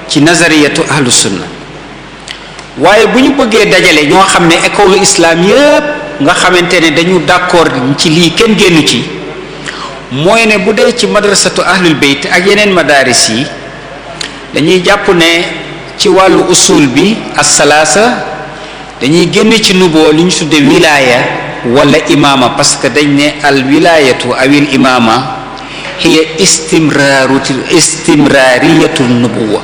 ci nazariyatu ahlu sunna waaye bu ñu bëggee dajale ñoo xam ne école islam yépp nga xamante ne dañu d'accord ci lii kenn génn ci mooy ne bu dee ci madrasatu ahlul bayt ak yeneen madaris yi dañuy jàpp ne ci wàllu usul bi asalaasa dañuy génn ci nuboo li ñu tudde wilaaya wala imaama parce que dañ ne al wilaayatu awil imaama hiya istimraaru istimraariyatu nubuwa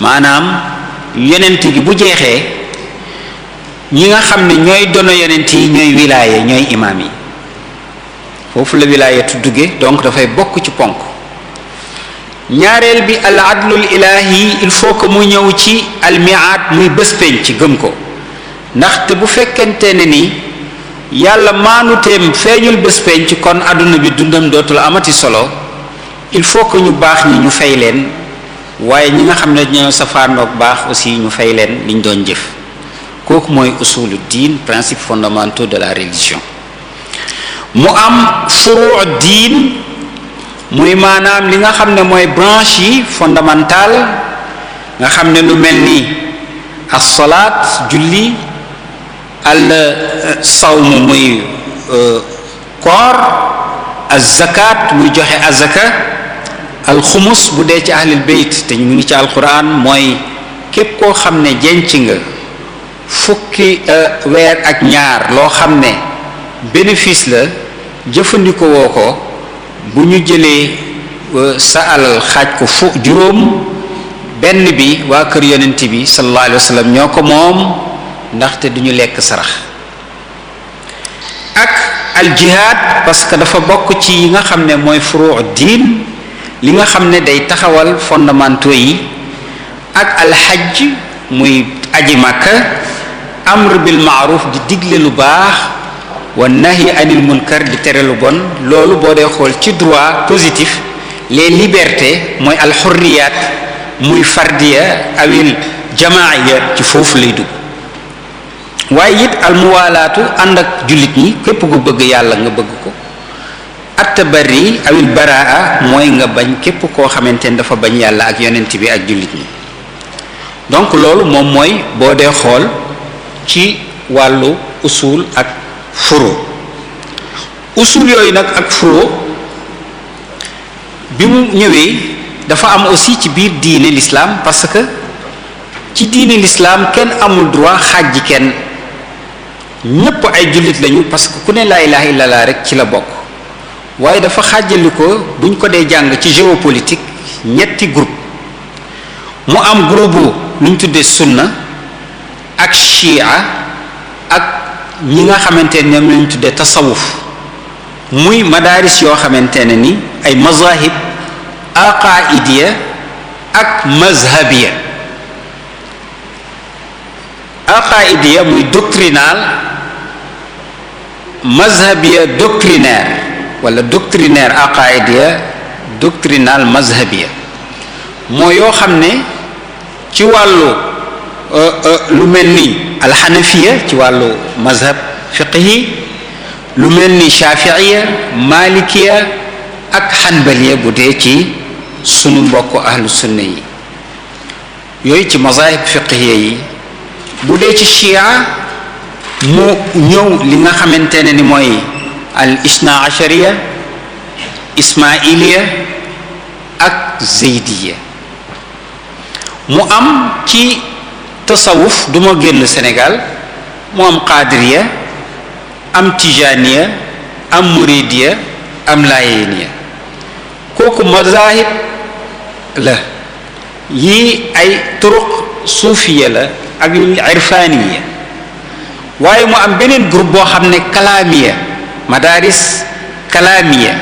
maanaam yonent gi bu jeexee ñi nga xam ne ñooy dono yonent yi ñooy wilaaya ñooy imaam yi foofu la wilaayatu dugge donc dafay bokk ci ponk ñaareel bi al adlul ilaahi il faut que mu ñëw ci almiaat muy bés pénc ci gëm ko ndaxte bu fekkente ne ni yàlla maanuteem feeñul bés ci kon àdduna bi dundam dootul amati solo il faut que ñu baax ñi ñu fay leen waaye ñi nga xam ne ñoo safaanoog baax aussi ñu fay leen liñ doon jëf kooku mooy usulu diin principe fondamentaux de la religion mu am furuu diin muy maanaam li nga xam ne mooy branche yi fondamentale nga xam ne lu mel ni as-salaat julli al euh, sawm muy euh, koor az-zakat muy joxe azaka alxumus bu dee ci ahlil beyt te ñu ngi ci alquran mooy képp koo xam ne jenc nga fukki euh, weer ak ñaar loo xam ne bénéfice la jëfandikoo ko bu ñu jëlee euh, sa alal xaaj ko fu juróom benn bi waa kër yonent bi sallallahu alayhi wa ñoo ko moom ndaxte duñu lekk sarax ak al jihad parce que dafa bokk ci yi nga xam ne mooy furuu diin li nga xam ne day taxawal fondamentaux yi ak al muy aji màkka amr bil maaruf di digle lu baax wa nahi anil munkar di tere lu bon loolu boo dee xool ci droit positif les liberté mooy alxurriyaat muy fardiya awil jamaaya ci foofu lay dugg waaye it almuwaalaatu ànd ak jullit ñi képp ku bëgg yàlla nga bëgg ko attabari awil baraa mooy nga bañ képp koo xamante ni dafa bañ yàlla ak yonent bi ak jullit ñi donc loolu moom mooy boo dee xool ci wàllu usul ak furo usul yooyu nag ak furo bi mu ñëwee dafa am aussi ci biir diine lislaam parce que ci diine lislaam kenn amul droit xàjji kenn ñépp ay jullit lañu parce que ku ne laa ilaha illallah rek ci la bokk waaye dafa xàjjali ko buñ ko dee jàng ci géopolitique ñetti groupe mu am groupe lu ñu tuddee sunna ak chia ak ñi nga xamante ne ñoom lañ tuddee tasawuf muy madaaris yoo xamante ne ni ay mazahib aqaidiya ak mazhabiya aqaidiya muy doctrinal mazhabiya doctrinaire wala doctrinaire aqaidiya doctrinal mazhabiya moo yoo xam ne ci wàllu Euh, euh, lu mel ni alxanafiya ci wàllu mazhab fiqhi lu mel ni shafiiya malikiya ak xanbaliya bu dee ci sunu mbokk ahlu sunna yi yooyu ci mazahib fiqhiya yi bu dee ci chia mu ñëw li nga xamante ni mooy al isna ashariya ismailiya ak zeydiya mu am ci tasawuf du ma génn Sénégal mu am qaadiriya am tijaaniya am muridiya am layeeniya kooku mazahib la yii ay turuq suufiya la ak irfaaniya waaye mu am beneen groupe boo xam ne kalaamiya madaris kalaamiya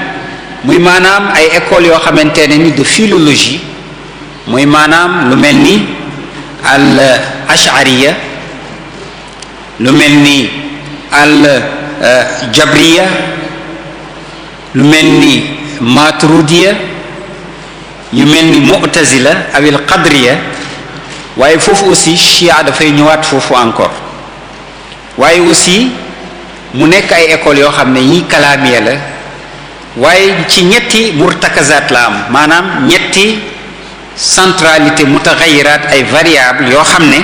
muy maanaam ay école yoo xamante ne ni de philologie muy maanaam lu mel ni al ashariya lu mel ni al jabriya lu mel ni maturidiya yu mel ni mu'tazila awil qadriya waaye foofu aussi chia dafay ñëwaat foofu encore waaye aussi mu nekk ay écoles yoo xam ne yi kalaamiya la waaye ci ñetti murtakazaat la am maanaam ñetti centralité mutaxayiraat ay variable yoo xam ne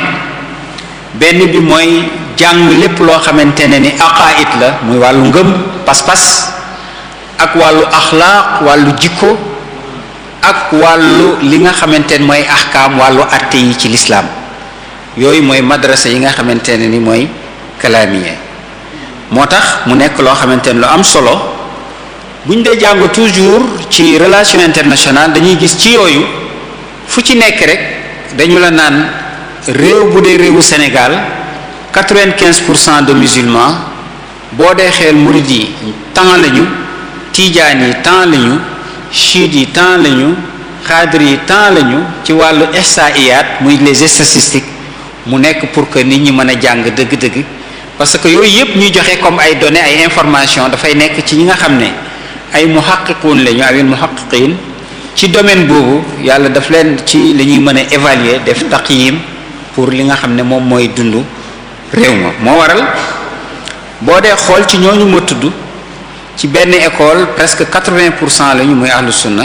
benn bi mooy jàng lépp loo xamante ne ni aqaid la muy wàllu ngëm pas-pas ak wàllu axlaaq wàllu jikko ak wàllu li nga xamante ne mooy axkaam wàllu atte yi ci lislaam yooyu mooy madrasa yi nga xamante ne ni mooy kalaamiye moo tax mu nekk loo xamante ne lu am solo buñ dee jàng toujours ci relation international dañuy gis ci yooyu fu ci nekk rek dañu la naan réew bu dee réewu Sénégal quatre-vingt-quinze pour cent de musulmans boo dee xeel murid yi tant lañu tijaan yi tant lañu chiite yi tant lañu xaadir yi tant lañu ci wàll ihsaiyat muy les statistiques mu nekk pour que nit ñi mën a jàng dëgg-dëgg parce que yooyu yëpp ñu joxe comme ay données ay information dafay nekk ci ñi nga xam ne ay muhaqqiqun lañu ay muhaqqiqin ci domaine boobu yàlla daf leen ci li ñuy mën a évaluer def taqyim pour li nga xam ne moom mooy dund réew ma moo waral boo dee xool ci ñooñu ma tudd ci benn école presque quatre-vingts pour cent la ñu muy ahlu sunna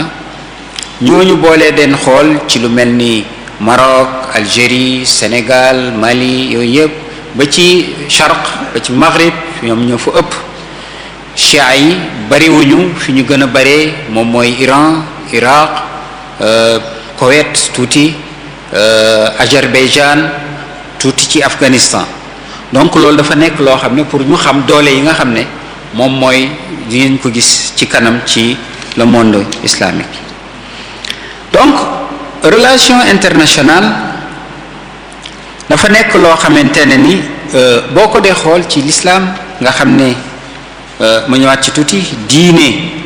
ñooñu boolee den xool ci lu mel ni Maroc Algérie Sénégal Mali yooyu yëpp ba ci Charq ba ci Maghrib ñoom ñoo fa ëpp chia yi bariwuñu fi ñu gën a bare moom mooy Iran Iraq euh, kowet tuuti euh, Azerbaïdjan tuuti ci Afghanistan donc loolu dafa nekk loo xam ne pour ñu xam doole yi nga xam ne moom mooy di ko gis ci kanam ci le monde islamique donc relation internationale dafa nekk loo xamante ne ni euh, boo ko dee xool ci l'islam nga xam ne ma ñëwaat ci tuuti diine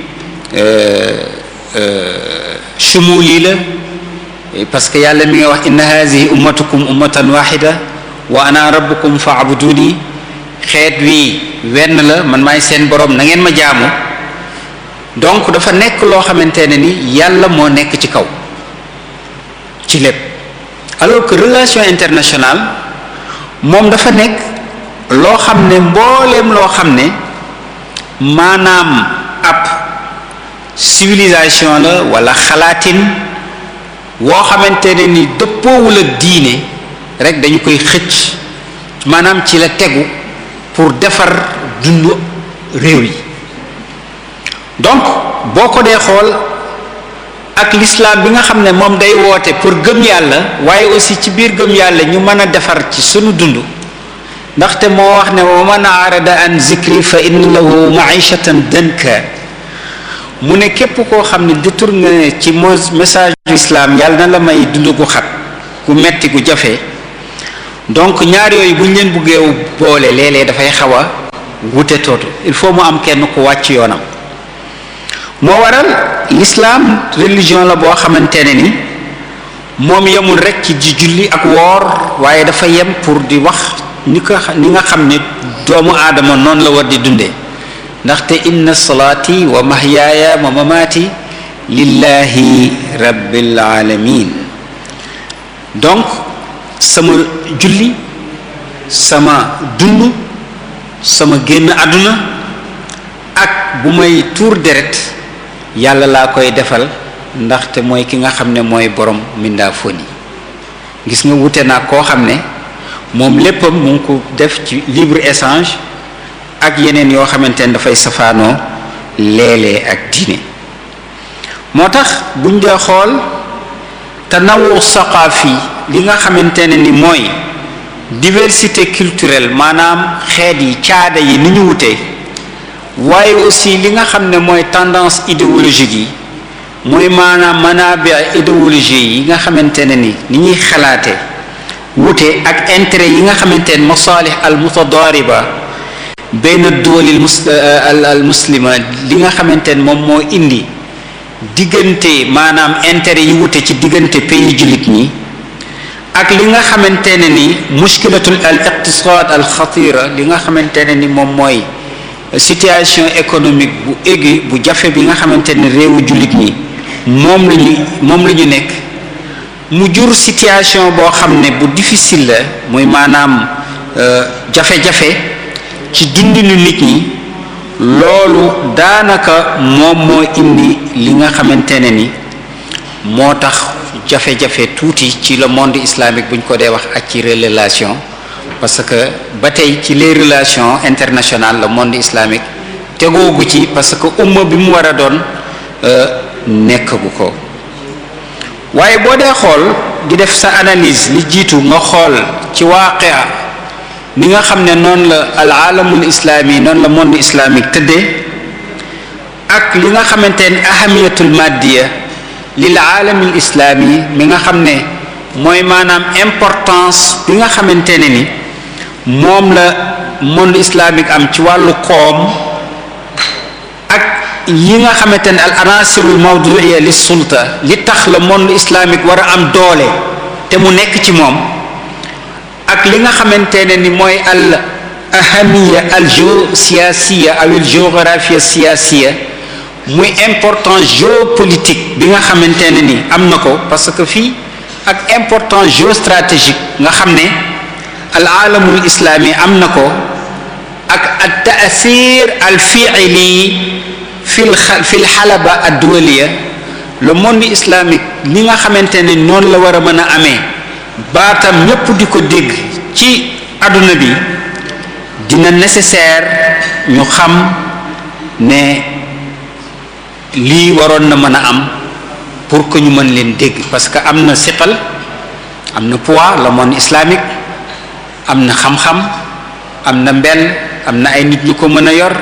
Euh, chumuuli la parce que yàlla mi nga wax inna hazihi ummatukum ummatan wahida wa ana rabbukum fa'buduni xeet wi wenn la man maay seen borom na ngeen ma jaamu donc dafa nekk loo xamante ne ni yàlla moo nekk ci kaw ci lépp alors que relation international moom dafa nekk loo xam ne mbooleem loo xam ne maanaam civilisation la walla xalaatin woo xamante ne ni dëppoowul ak diine rek dañu koy xëcc maanaam ci la tegu pour defar dundu réew yi donc boo ko dee xool ak lislaam bi nga xam ne moom day woote pour gëm yàlla waaye aussi ci biir gëm yàlla ñu mën a defar ci sunu dund ndaxte moo wax ne wa man arada an zikri fa inna lahu maishatan danka mu ne képp koo xam ne détourné ci message islam yàlla na la may dund gu xat ku metti gu jafe donc ñaar yooyu buñ leen buggee boole léeg-léeg dafay xaw a wute tootu il faut mu am kenn ku wàcc yoonam moo waral l'islam religion la boo xamante ne ni moom yomul rek ci ji julli ak woor waaye dafa yem pour di wax ni ko ni nga xam ni doomu aadama noonu la war di dundee ndaxte inna solaati wa mahyaaya wa mamaati lillahi rabbil alamin donc sama julli sama dund sama génn àdduna ak bu may tuur deret yàlla laa koy defal ndaxte mooy ki nga xam ne mooy borom mindaa foni gis nga wute naa koo xam ne moom léppam mu ngi ko def ci libre échange ak yeneen yoo xamante ne dafay safaanoo léeg-léeg ak diine moo tax buñ dee xool tanawu saqaafi li nga xamante ne ni mooy diversité culturel maanaam xeet yi caada yi ni ñu wute waaye aussi li nga xam ne mooy tendance idéologique yi mooy maanaam manabi idéologie yi nga xamante ne ni ni ñuy xalaate wute ak intérêt yi nga xamante ne masalih al mutadariba benn duwalil mus eh, eh, al muslima li nga xamante ni moom moo indi diggante maanaam intérêt yi wute ci diggante pays jullit ñi ak li nga xamante ne ni mushkilatul al iqtisad al xatira li nga xamante ne ni moom mooy situation économique bu aigu bu jafe bi nga xamante ne réewu jullit ñi moom la moom la ñu nekk mu jur situation boo xam ne bu difficile la muy maanaam euh, jafe-jafe ci dundinu nit ñi loolu daanaka moom moo indi li nga xamante ne ni moo tax jafe-jafe tuuti ci le monde islamique bu ñu ko dee wax ak ci relation parce que ba tey ci les relations internationales la monde islamique tegoogu ci parce que umma bi mu war a doon euh, nekk gu ko waaye boo dee xool di def sa analyse li jiitu nga xool ci waaqia ni nga xam ne noonu la al alamul islami noonu la monde islamique tëddee ak li nga xamante ne ahamiyatul maddiya lil alamil islami mi nga xam ne mooy maanaam importance bi nga xamante ne ni moom la monde islaamik am ci wàllu koom ak yi nga xamante ne al anasirul mawduiya tax la monde islamique war a am doole te mu nekk ci moom ak li nga xamante ne ni mooy al ahamiya al géosiasia awil géographia siasia muy important politique bi nga xamante ne ni am na ko parce que fii ak important stratégique nga xam ne al aalamul islami am na ko ak al taasir al fiili fil fil xalaba ad duwaliya le monde islamique li nga xamante ne noonu la war a mën a amee baatam ñépp di ko dégg ci àdduna bi dina nécessaire ñu xam ne lii waroon na mën a am pour que ñu mën leen dégg parce que am na siqal am na poids le monde islamique am na xam-xam am na mbel am na ay nit ñu ko mën a yor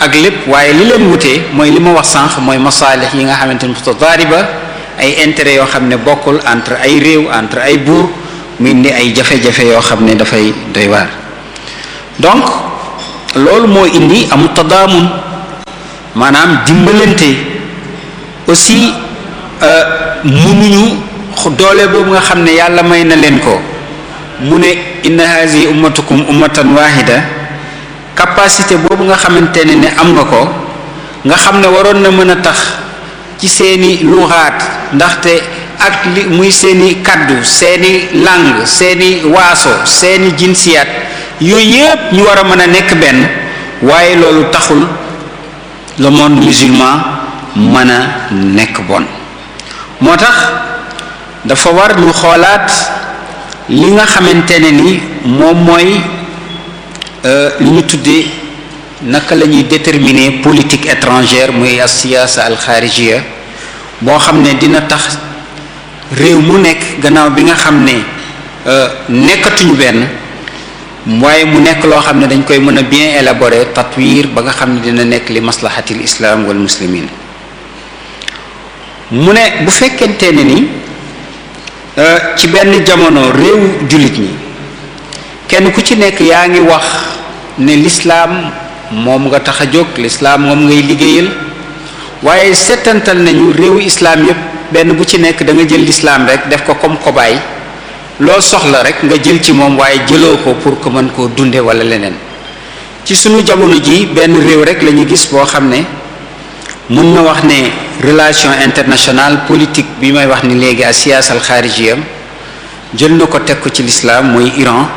ak lépp waaye li leen wutee mooy li ma wax sànq mooy masaalix yi nga xamante ni ba ay intérêt yoo xam ne bokkul entre ay réew entre ay buur mu indi ay jafe-jafe yoo xam ne dafay doy waar donc loolu moo indi amu tadaamun maanaam dimbalante aussi euh, munuñu doole boobu nga xam ne yàlla may na leen ko mu ne inna hazi ummatukum ummatan wahida capacité boobu nga xamante ne ne am nga ko nga xam ne waroon na mën a tax ci seeni luxaat ndaxte ak muy seeni kàddu seeni làng seeni waaso seeni jinsiyaat yooyu yépp ñu war a mën a nekk benn waaye loolu taxul le monde musulman mën a nekk bon moo tax dafa war ñu xoolaat li nga xamante ne ni moom mooy euh, lu ñu tuddee naka lañuy ñuy déterminer politique étrangère muy as siyaasa al xaarijia boo xam ne dina tax réew mu nekk gannaaw bi nga xam ne euh, nekkatuñu benn waaye mu nekk loo xam ne dañ koy mën a bien élaborer tatwir ba nga xam ne dina nekk li maslahatil islam wal muslimin mu ne bu fekkente ne ni euh, ci benn jamono réew jullit ñi kenn ku ci nekk yaa ngi wax ne lislaam moom nga tax a jóg l'islam moom ngay liggéeyal waaye setantal nañu réewu islaam yépp benn bu ci nekk da nga jël lislaam rek def ko comme bàyyi loo soxla rek nga jël ci moom waaye jëloo ko pour que mën koo dunde wala leneen ci suñu jamono ji benn réew rek lañu gis boo xam ne mun na wax ne relation international politique bi may wax ni léegi ak siyaasal xaarijiyam jël na ko teg ko ci lislaam muy Iran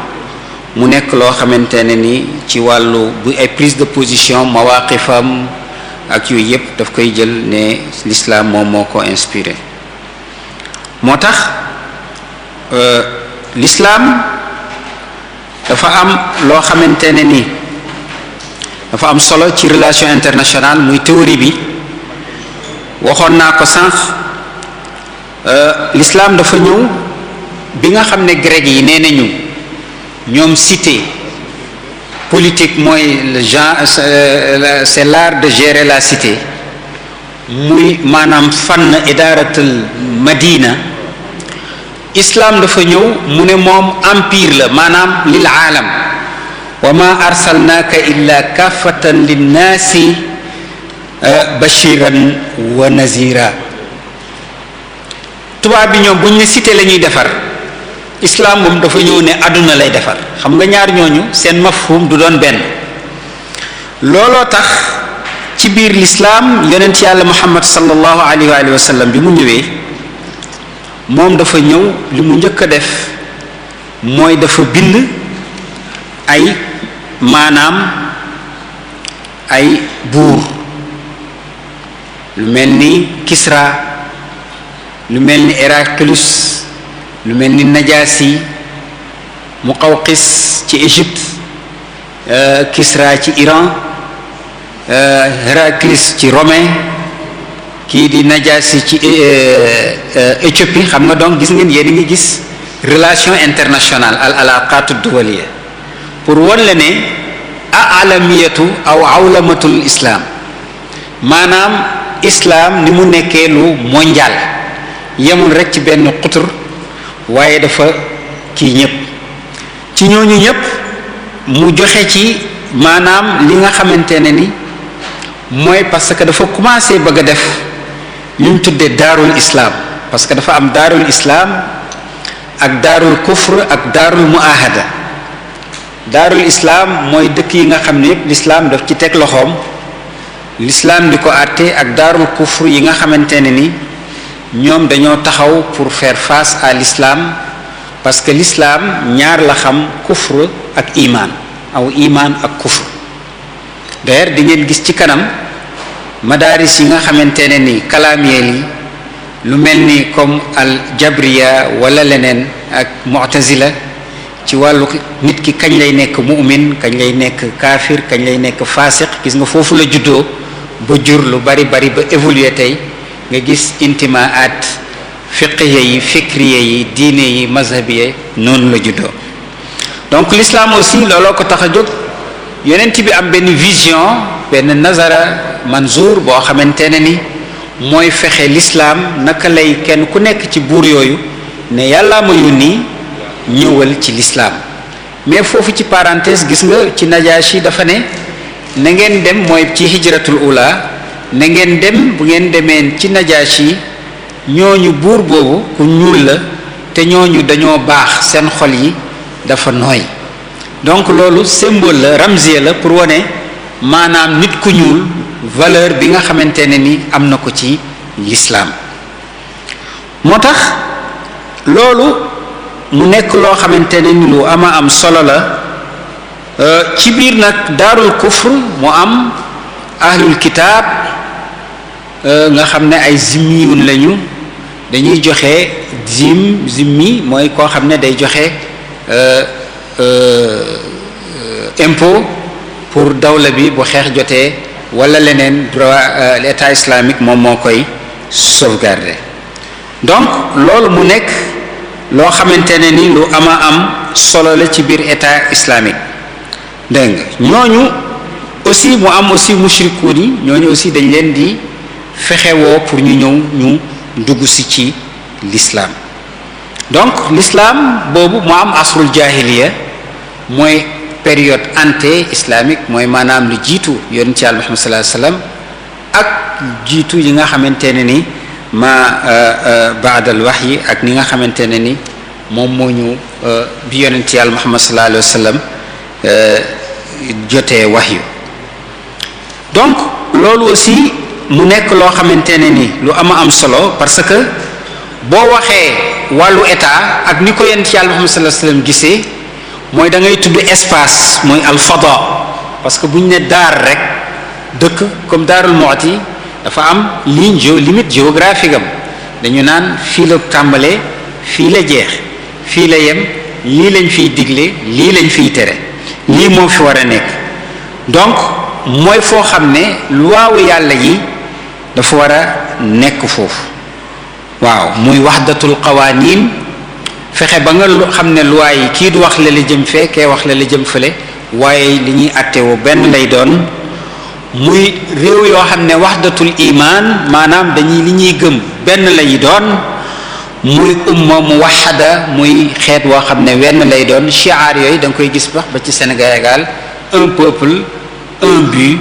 mu nekk loo xamante ne ni ci wàllu bu ay prise de position mawaqifam ak yooyu yépp daf koy jël ne lislaam moom moo ko inspiré moo tax euh, lislaam dafa am loo xamante ne ni dafa am solo ci relation international muy théorie bi waxoon naa ko sànq euh, lislaam dafa ñëw bi nga xam ne grec yi nee nañu ñoom cité politique mooy le genre euh, c'est l'art de gérer la cité muy maanaam fànn idaaratul madina islam dafa ñëw mu ne moom empire la maanaam lil aalam wa ma arsalnaaka illa kaafatan linnaasi euh, bashiran wa nazira tubaab bi ñoom buñ ne cité la ñuy defar islaam moom dafa ñëw ne àdduna lay defar xam nga ñaar ñooñu seen mafhum du doon benn looloo tax ci biir lislaam yonent yàlla muhammad sallallahu alayhi wa bi mu ñëwee moom dafa ñëw li mu njëkk a def mooy dafa bind ay maanaam ay buur lu mel ni Kisra lu mel ni Héraclius lu mel ni najaasi muqawqis ci Égypte euh, kisra ci Iran Héraclius euh, ci romain kii di najaasi ci euh, Éthiopie xam nga donc gis ngeen yéen ngi gis relation international al alaqatu duwaliya pour won la ne a alamiyatu aw awlamatul islam maanaam islam ni mu nekkee lu mondial yemul rek ci benn xutur waaye dafa kii ñépp ci ñooñu ñépp mu joxe ci maanaam li nga xamante ne ni mooy parce que dafa commencé bëgg a def ñu tuddee daarul islaam parce que dafa am daarul islaam ak daarul kufr ak daarul muahada daarul islaam mooy dëkk yi nga xam ni yépp lislaam def ci teg loxoom lislaam di ko àtte ak daarul kufr yi nga xamante ne ni ñoom dañoo taxaw pour fair face à l'islam parce que l'islam ñaar la xam kufr ak imaan aw imaan ak kufr d'ailleurs di ngeen gis ci kanam madaris yi nga xamante ne ni kalaameel yi lu mel ni comme al jabriya wala leneen ak mu'tazila ci wàllu nit ki kañ lay nekk mu'min kañ lay nekk kaafir kañ lay nekk fasiq gis nga foofu la juddoo ba jur lu bari bari ba évoluer tey nga gis intiment intimaat fiqiya yi fikriya yi diine yi mazhabiya noonu la juddoo donc lislaam aussi looloo ko tax a jóg yonent bi am benn vision benn nazara manzour boo xamante ne ni mooy fexe lislaam naka lay kenn ku nekk ci buur yooyu ne yàllaa ma yónni ñëwal ci l'islam mais foofu ci parenthèse gis nga ci Najashi dafa ne na ngeen dem mooy ci hijratul ula ne ngeen dem bu ngeen demeen ci najaas yi ñooñu buur boobu ku ñuul la te ñooñu dañoo baax seen xol yi dafa nooy donc loolu symbole la ramziya la pour wane maanaam nit ku ñuul valeur bi nga xamante ne ni am na ko ci lislaam moo tax loolu mu nekk loo xamante ne ni lu ama am solo la euh, ci biir nag daarul kufr mu am ahlul kitaab Euh, nga xam ne ay zimmiyun lañu dañuy joxe zim zimmi mooy koo xam ne day joxe euh, euh, impo pour dawle bi bu xeex jotee wala leneen droit l'état islamique moom moo koy sauvegarder donc loolu mu nekk loo xamante ne ni lu ama am solo la ci biir état islamique dégg nga ñooñu aussi mu am aussi mushrikuun yi ñooñu aussi dañ leen di fexewoo pour ñu ñëw ñu dugg si ci lislaam donc lislaam boobu mu am asrul jahiliya mooy période anté islamique mooy maanaam lu jiitu yonent Yàlla Muhammad sallallahu ak jiitu yi nga xamante ne ni ma euh, euh, baadal wax yi ak ni nga xamante ne ni moom moo ñu euh, bi yonent Yàlla Muhammad sallallahu alayhi wax yu donc loolu aussi mu nekk loo xamante ne ni lu ama am solo parce que boo waxee wàllu état ak ni ko yonent yàlla Muhammad sallallahu alayhi gisee mooy da ngay tudd espace mooy alfada parce que bu ñu ne daar rek dëkk comme Daarul yi dafa am ligne géo limite géographique am dañu naan fii la tàmbalee fii la jeex fii la yem lii lañ fiy digle lii lañ fiy tere lii moo fi war a nekk donc mooy foo xam ne luwaawu yàlla yi. dafa war a nekk foofu waaw muy waxdatul qawanin fexe ba nga xam ne loi yi kii du wax la la jëm fee kee wax la li jëm fële waaye li ñuy attewoo benn lay doon muy réew yoo xam ne waxdatul iman maanaam dañuy li ñuy gëm benn lay doon muy umma mu waxada muy xeet woo xam ne wenn lay doon chiar yooyu danga koy gis bax ba ci Sénégal un peuple un but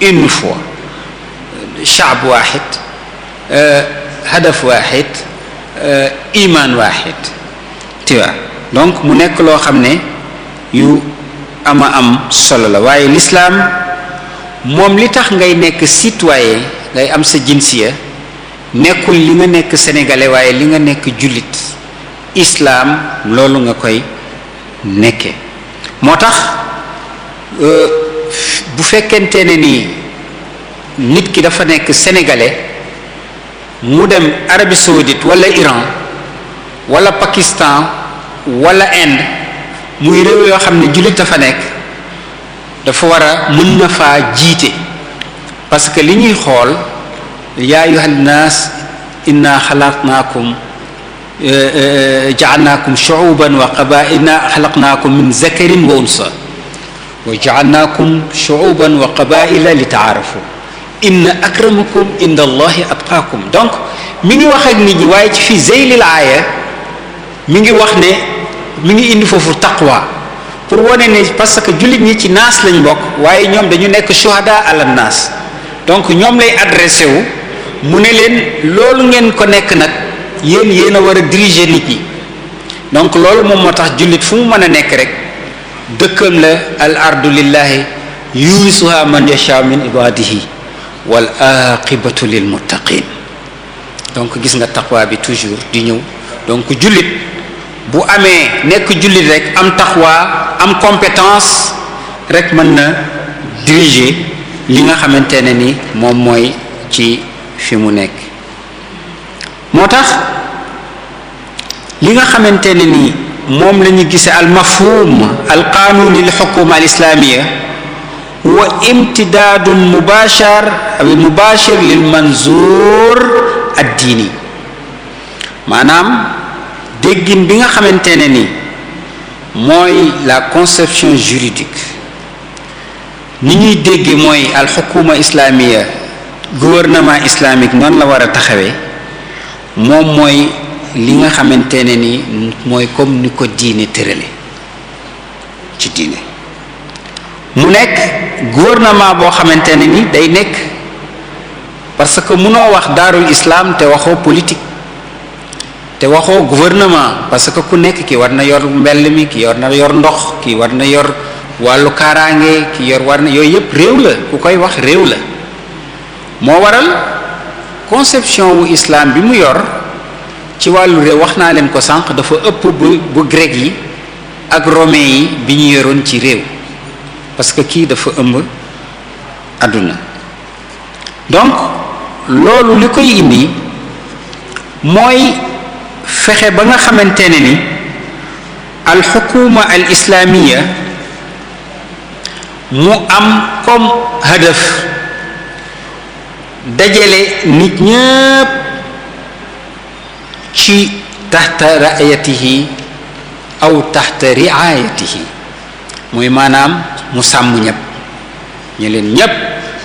une foi shaab waaxid hadaf waaxid imaan waaxid tu donc mu nekk loo xam ne yu ama am solo la waaye lislaam moom li tax ngay nekk citoyen ngay am sa jinsiya nekkul li nga nekk sénégalais waaye li nga nekk jullit islaam loolu nga koy nekke moo tax euh, bu fekkente ne nii nit ki dafa nekk sénégalais mu dem Arabie saoudite wala Iran wala Pakistan wala Inde muy réew yoo xam ne jullit dafa nekk dafa war a mën na faa jiite parce que li ñuy xool yaa ayyuhan naas inna xalaqnaakum eh, eh, eh, ja'alnaakum shu'uban wa naa inna xalaqnaakum min zakarin wa unsa wa ja'alnaakum shu'uban wa qabaa'ila li ta'aarafu inna akramakum inda allahi atqaakum donc mi ngi wax ak nit ñi waaye ci fi zeylil aaya mi ngi wax ne mu ngi indi foofu taqwa pour wane ne parce que jullit ñi ci naas lañ bokk waaye ñoom dañu nekk shuhada ala naas donc ñoom lay adressé wu mu ne leen loolu ngeen ko nekk nag yéen yéen a war a diriger nit ñi donc loolu moom moo tax jullit fu mu mën a nekk rek dëkkam la al ardu lillahi yurisuha man yasha min ibadihi wal aqibatu lil muttaqin donc gis nga taqwa bi toujours di ñëw donc jullit bu amee nekk jullit rek am taqwa am compétence rek mën na diriger li nga xamante ne ni moom mooy ci fi mu nekk moo tax li nga xamante ne ni moom la ñu gisee al mafhum al qanuni al hukuma al islamiyya wa imtidaadun mubashar abi mubashir lil manzur diini maanaam déggin bi nga xamante ne ni mooy la conception juridique ni ñuy dégge mooy alxukuma islamiya gouvernement islamique noonu la war a taxawee moom mooy li nga xamante ne ni mooy comme ni ko diine tërale ci diine mu nekk gouvernement boo xamante ne ni day nekk parce que munoo wax daarul islaam te waxoo politique te waxoo gouvernement parce que ku nekk ki war na yor mbell mi ki yor na yor ndox ki war na yor wàllu kaaraange ki yor war na yooyu yëpp réew la ku koy wax réew la moo waral conception wu islam bi mu yor ci wàllu réew wax naa leen ko sànq dafa ëpp bu bu yi ak romain yi bi ñu yoroon ci réew parce que kii dafa ëmb àdduna donc loolu li koy indi mooy fexe ba nga xamante ne ni alxukuma al islaamiya mu am comme hadaf dajale nit ñépp ci taxta raayatihi aw taxta riayatihi muy maanaam mu sàmm ñëpp ñu leen ñëpp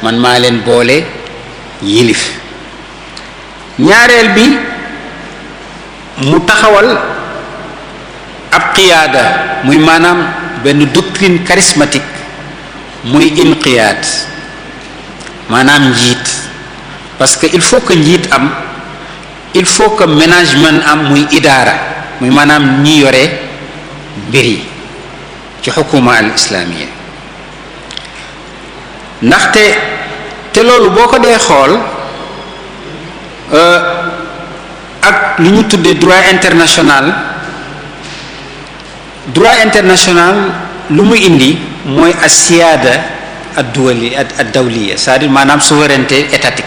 man maa leen boole yilif ñaareel bi mu taxawal ab qiyaada muy maanaam benn doctrine charismatique muy inqiyaad maanaam njiit parce que il faut que njiit am il faut que management am muy idaara muy maanaam ñi yore mbir yi ci xukuma al islaamiya ndaxte te loolu boo ko dee xool euh, ak li ñu tuddee droit international droit international lu mu indi mooy asiyaada ad duwali ad dawliya c'est-à-dire maanaam souveraineté étatique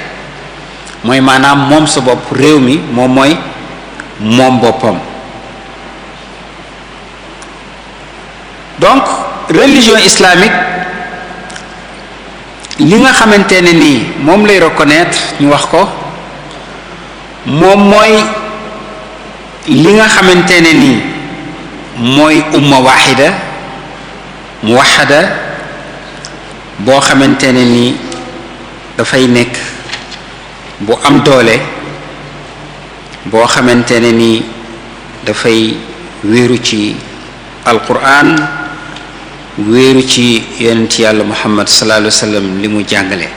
mooy maanaam moom sa bopp réew mi moom mooy moom boppam donc religion islamique li nga xamante ne nii moom lay reconnaître ñu wax ko moom mooy li nga xamante ne nii mooy umma waxida muwaxada boo xamante ne nii dafay nekk bu am doole boo xamante ne nii dafay wéeru ci alquran wéeru ci yonent yàlla muhammad sallallahu alayhi wa li mu jàngale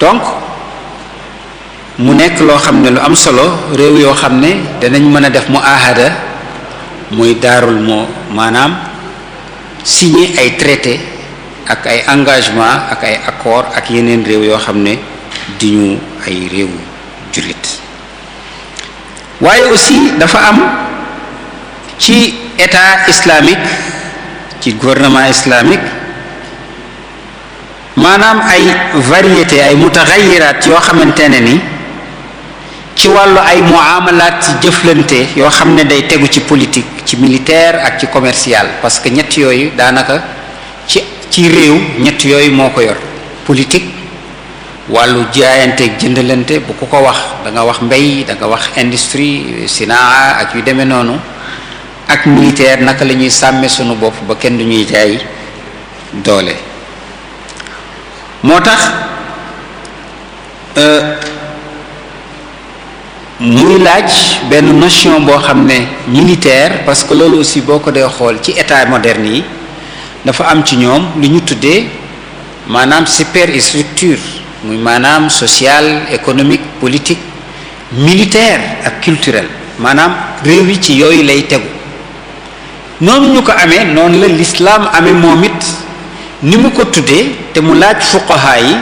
donc mu nekk loo xam ne lu am solo réew yoo xam ne danañ mën a def mu ahada muy daarul moo maanaam signé ay traité ak ay engagement ak ay accord ak yeneen réew yoo xam ne di ñu ay réewu jullit waaye aussi dafa am ci état islamique ci gouvernement islamique maanaam ay variété ay mutaxayiraat yoo xamante ne ni ci wàllu ay muamalaat ci jëflante yoo xam ne day tegu ci politique ci militaire ak ci commercial parce que ñett yooyu daanaka ci ci réew ñett yooyu moo ko yor politique wàllu jaayanteeg jëndlante bu ku ko wax danga wax mbay da nga wax industrie sinaa ak yu demee noonu ak militaire naka la ñuy sàmme sunu bopp ba kenn du ñuy jaay doole moo tax euh, muy laaj benn notion boo xam ne militaire parce que loolu aussi boo ko dee xool ci état moderne yi dafa am ci ñoom lu ñu tuddee maanaam superstructure muy maanaam social économique politique militaire ak culturel maanaam réew yi ci yooyu lay tegu noonu ñu ko amee noonu la lislaam amee moom it ni mu ko tuddee te mu laaj fuqaha yi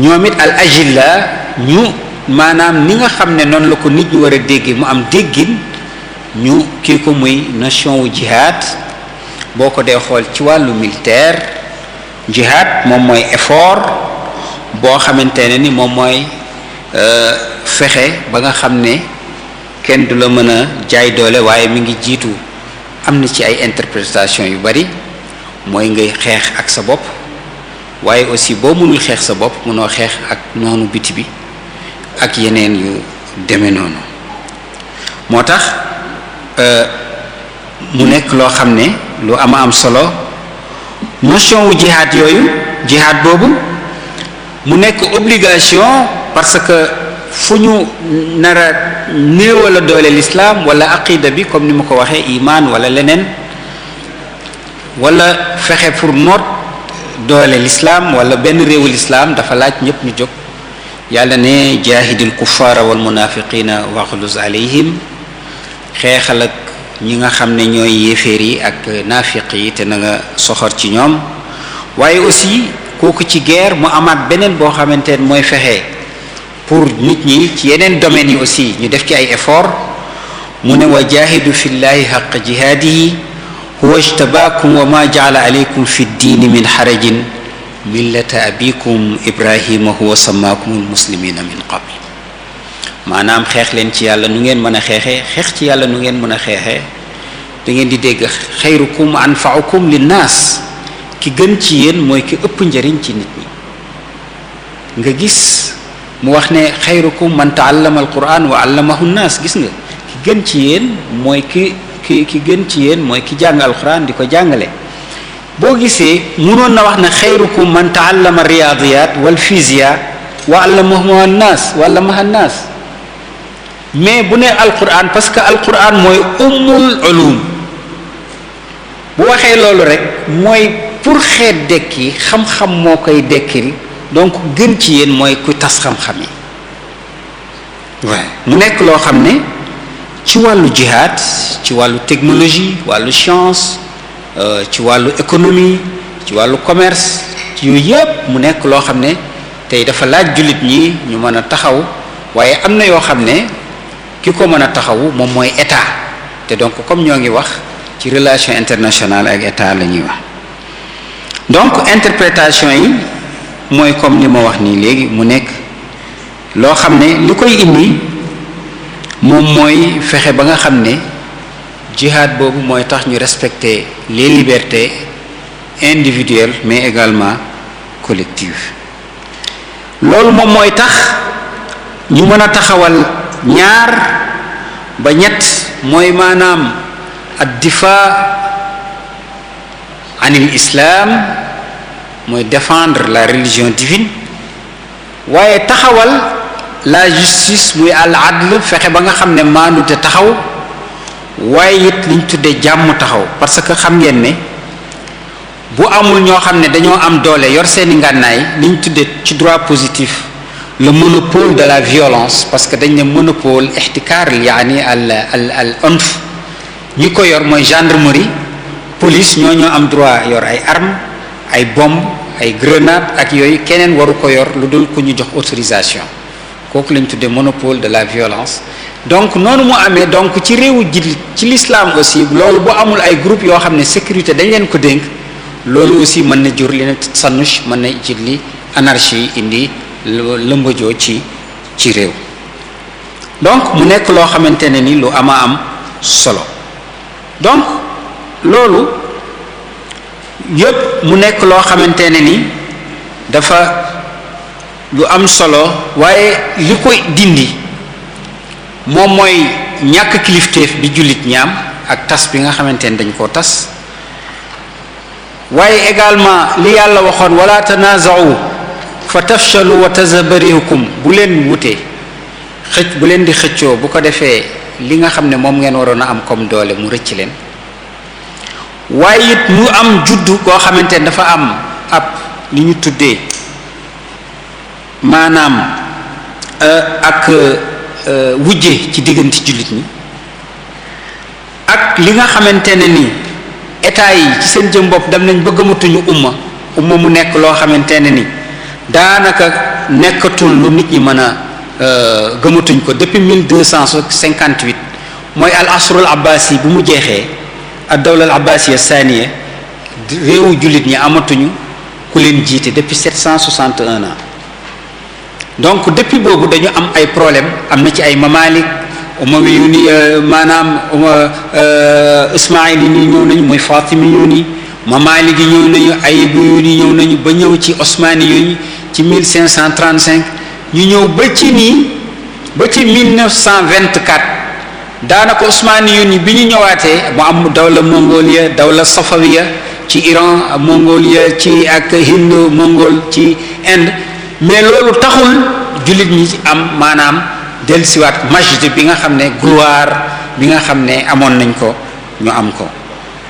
ñoom it al agila ñu maanaam ni nga xam ne noonu la ko nit ñu war a déggi mu am déggin ñu kii ko muy notion wu jihad boo ko dee xool ci wàllu militaire jihad moom mooy effort boo xamante ni moom mooy euh, fexe ba nga xam ne kenn du la mën a jaay doole waaye mi ngi jiitu am na ci ay interprétation yu bari mooy ngay xeex ak sa bopp waaye aussi boo mënul xeex sa bopp mënoo xeex ak noonu biti bi ak yeneen yu demee noonu moo tax euh, mu nekk loo xam ne lu am am solo notion wu jihaad yooyu jihaad boobu mu nekk obligation parce que fu ñu nar a néewal a doole lislaam wala aqida bi comme ni ma ko waxee imaan wala leneen wala fexe pour noot doole lislaam wala benn réewu lislaam dafa laaj ñépp ñu jóg yàlla ne jaahidil kuffaara wal munafiqina waxluz alayhim xeexal ak ñi nga xam ne ñooy yéeféer yi ak naafiq yi te na nga soxor ci ñoom waaye aussi kooku ci guerre mu amaat beneen boo xamante ne mooy fexe pour nit ñi ci yeneen domaines yi aussi ñu def ci ay effort mu ne wa jaahidu fi llahi xaq jihaadihi huwa jtabaakum wa ma jaala aleykum fi ddiini min xarajin millata abikum ibrahima huwa samaakum almuslimina min qabl maanaam xeex leen ci yàlla nu ngeen mën a xeexee xeex ci yàlla nu ngeen mën a xeexee da di dégg xayrukum anfaukum naas ki gën ci yéen mooy ki ëpp njëriñ ci nit ñi nga gis mu wax ne xayrukum man taallama alquran wa allamahu nnaas gis nga ki gën ci yéen mooy ki ki ki gën ci yéen mooy ki jàng alquran di ko jàngale boo gisee munoon na wax ne xayrukum man taallama riyaadiyat wal fisiya wa allamahu nnaas wa allamaha mais bu ne alquran parce que alquran mooy ummul ulum bu waxee loolu rek mooy pour xeet dekki xam-xam moo koy dekkil donc gën ci yéen mooy ku tas xam-xam yi waaw mu nekk loo xam ne ci wàllu jihad ci wàllu technologie wàllu science euh, ci wàllu économie ci wàllu commerce ci yooyu yëpp mu nekk loo xam ne tey dafa laaj jullit ñi ñu mën a taxaw waaye am na yoo xam ne ki ko mën a taxawu moom mooy état te donc comme ñoo ngi wax ci relation internationale ak état la ñuy wax donc interprétation yi mooy comme li ma wax nii léegi mu nekk loo xam ne li koy indi moom mooy fexe ba nga xam ne jihad boobu mooy tax ñu respecter les libertés individuelles mais également collectives loolu moom mooy tax ñu mën a taxawal ñaar ba ñett mooy maanaam ad-difaa anil islaam mooy défendre la religion divine waaye taxawal la justice muy al adl fexe ba nga xam ne maandute taxaw waaye it liñ tuddee jàmm taxaw parce que xam ngeen ne bu amul ñoo xam ne dañoo am doole yor seeni ngànnaay liñ tuddee ci droit positif le monopole de la violence parce que dañ ne monopole ixtikaar yaani al al al onf ñi ko yor mooy gendarmerie police ñoo ñoo am droit yor ay arm ay bombe ay grenade ak yooyu keneen waru ko yor lu dul ku ñu jox autorisation kooku lañ tuddee monopole de la violence donc noonu mu amee donc ci réewu ji ci lislaam aussi loolu bu amul ay groupe yoo xam ne sécurité dañ leen ko dénk loolu aussi mën na jur li ne sanush mën na jur li anarchie indi lëmbajoo ci ci réew donc mu nekk loo xamante ne ni lu ama am solo donc loolu yépp mu nekk loo xamante ne ni dafa lu am solo waaye li ko dindi moom mooy ñàkk kilifteef bi jullit ñaam ak tas bi nga xamante ne dañ koo tas waaye également li yàlla waxoon wala tanaza'u fa tafshalu wa tazabarihukum bu leen wutee xëcc bu leen di xëccoo bu ko defee li nga xam ne moom ngeen waroon a am comme doole mu rëcc leen waaye it mu am juddu koo xamante ne dafa am ab lu ñu tuddee maanaam euh, ak euh, wujje ci diggante jullit ñi ak li nga xamante ne ni état yi ci seen jëm bopp dem nañ ba gëmatuñu umma umma mu nekk loo xamante ne ni daanaka nekkatul lu nit ñi mën a euh, gëmatuñ ko depuis 1258 mooy al asrul abbasi bu mu jeexee ad dawla al abbasiya saaniya réewu jullit ñi amatuñu ku leen jiite depuis 761 ans donc depuis boobu dañu am ay problème am na ci ay mamalik umawi yu ni euh, maanaam euh, ismail yi ni ñëw nañu mooy fatimi yu ni mamalik yi ñëw nañu ayib yu ni ñëw nañu ba ñëw ci osmani yu ci 1535 ñu ñëw ba ci nii ba ci daanaka osmaniyun yi bi ñu ñëwaatee mu am dawla mongolia dawla safawiya ci Iran mongolia ci ak Hind mongol ci Inde mais loolu taxul jullit ñi am maanaam dellusiwaat majdi bi nga xam ne gloire bi nga xam ne amoon nañ ko ñu am ko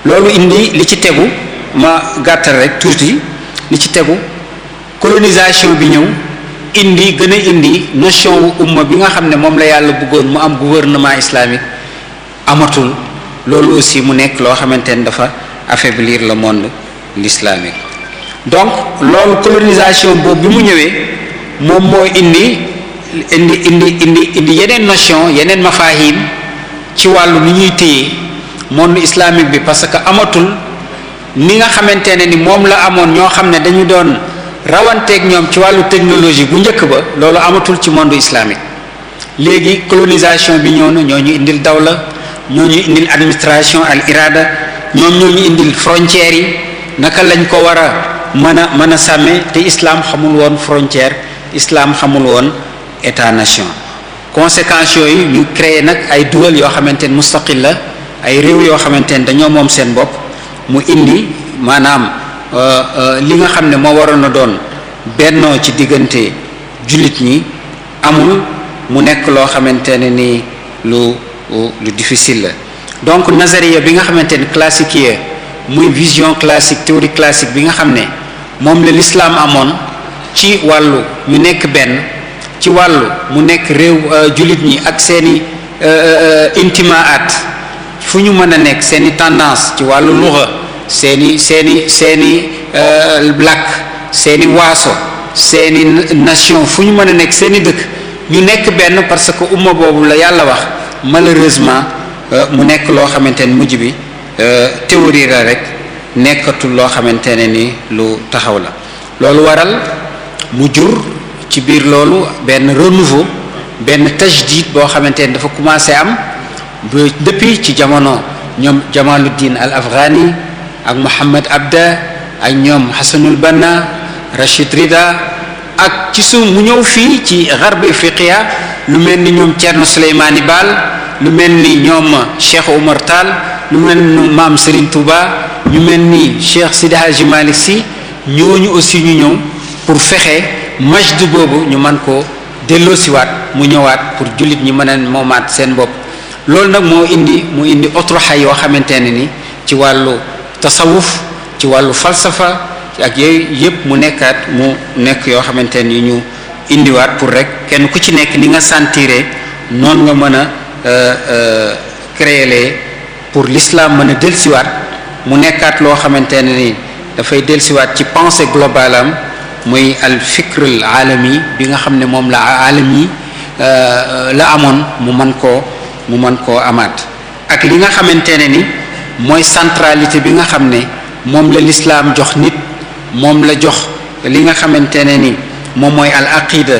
loolu indi li ci tegu ma gàttal rek tuuti li ci tegu colonisation bi ñëw indi gën a indi notion wu umma bi nga xam ne moom la yàlla bëggoon mu am gouvernement islamique amatul loolu aussi mu nekk loo xamante ne dafa affaiblir le monde l'islamique donc loolu colonisation boobu bi mu ñëwee moom moo indi indi indi indi indi yeneen notion yeneen mafahim ci wàllu ni ñuy téye monde islamique bi parce que amatul ni nga xamante ne ni moom la amoon ñoo xam ne dañu doon rawanteeg ñoom ci wàllu technologie bu njëkk ba loolu amatul ci monde islamique léegi colonisation bi ñëw ñoo ñu indil dawla ñoo ñu indil administration al irada ñoom ñoo ñu indil frontières yi naka lañ ko war a mën a mën a sàmmee te islaam xamul woon frontière islaam xamul woon état nation conséquences yooyu ñu créé nag ay duwal yoo xamante ne mustaqil la ay réew yoo xamante ne dañoo moom seen bopp mu indi maanaam Euh, euh, li nga xam ne moo waroon a doon bennoo ci diggante jullit ñi amul mu nekk loo xamante ne ni lu lu difficile la donc nazariya bi nga xamante ne classique yi muy vision classique théorie classique bi nga xam ne moom la lislaam amoon ci wàllu ñu nekk benn ci wàllu mu nekk réew euh, jullit ñi ak seeni intiment intimaat fu ñu mën a nekk seeni tendance ci wàllu luxa seeni seeni seeni euh, làkk seeni waaso seeni nation fu ñu mën a nekk seeni dëkk ñu nekk benn parce que umma boobu la yàlla wax malheureusement euh, mu nekk loo xamante ne mujj bi euh, théorie la rek nekkatul loo xamante ne ni lu taxaw la loolu waral mu jur ci biir loolu benn renouveau benn tajdid boo xamante ne dafa commencé am ba depuis ci jamono ñoom Jamaluddin al Afghani ak Mohammed Abda ak ñoom Hassanul Banna Rachid Rida ak ci su mu ñëw fii ci Gharb Afriqiya lu mel ni ñoom Thierno Souleymane Baal lu mel ni ñoom Cheikh Omar Tall lu mel ni maam Serigne Touba ñu mel ni Cheikh Sidi Hadji Malick ñooñu aussi ñu ñëw pour fexe majd boobu ñu man ko delloosiwaat mu ñëwaat pour jullit ñi mën a moomaat seen bopp loolu nag moo indi mu indi autre xay yoo xamante ne ni ci wàllu tasawuf ci wàllu falsafa ak yooyu yëpp mu nekkaat mu nekk yoo xamante ni ñu indiwaat pour rek kenn ku ci nekk ni nga sentiré noonu nga mën a euh, euh, créer pour l'islam mën a delsiwaat mu nekkaat loo xamante ne ni dafay delsiwaat ci pensée globale muy al fikr al alami bi nga xam ne moom la alam yi euh, la amoon mu mën koo mu mën koo amaat ak li nga xamante ne mooy centralité bi nga xam ne moom la lislaam jox nit moom la jox li nga xamante ne ni moom mooy al aqida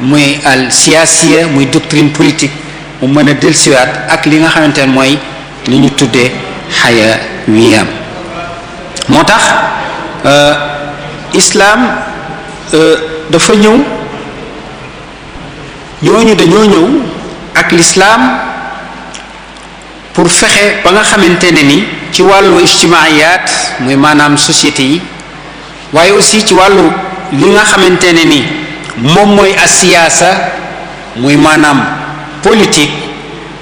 muy al siyaasiya muy doctrine politique mu mën a dellusiwaat ak li nga xamante ne mooy li ñu tuddee xaya wiyaam moo tax euh, islaam euh, dafa ñëw ñooñu dañoo ñëw ak lislaam pour fexe ba nga xamante ne ni ci wàllu ijtimaiyaat muy maanaam société yi waaye aussi ci wàllu li nga xamante ne ni moom mooy asiyaasa muy maanaam politique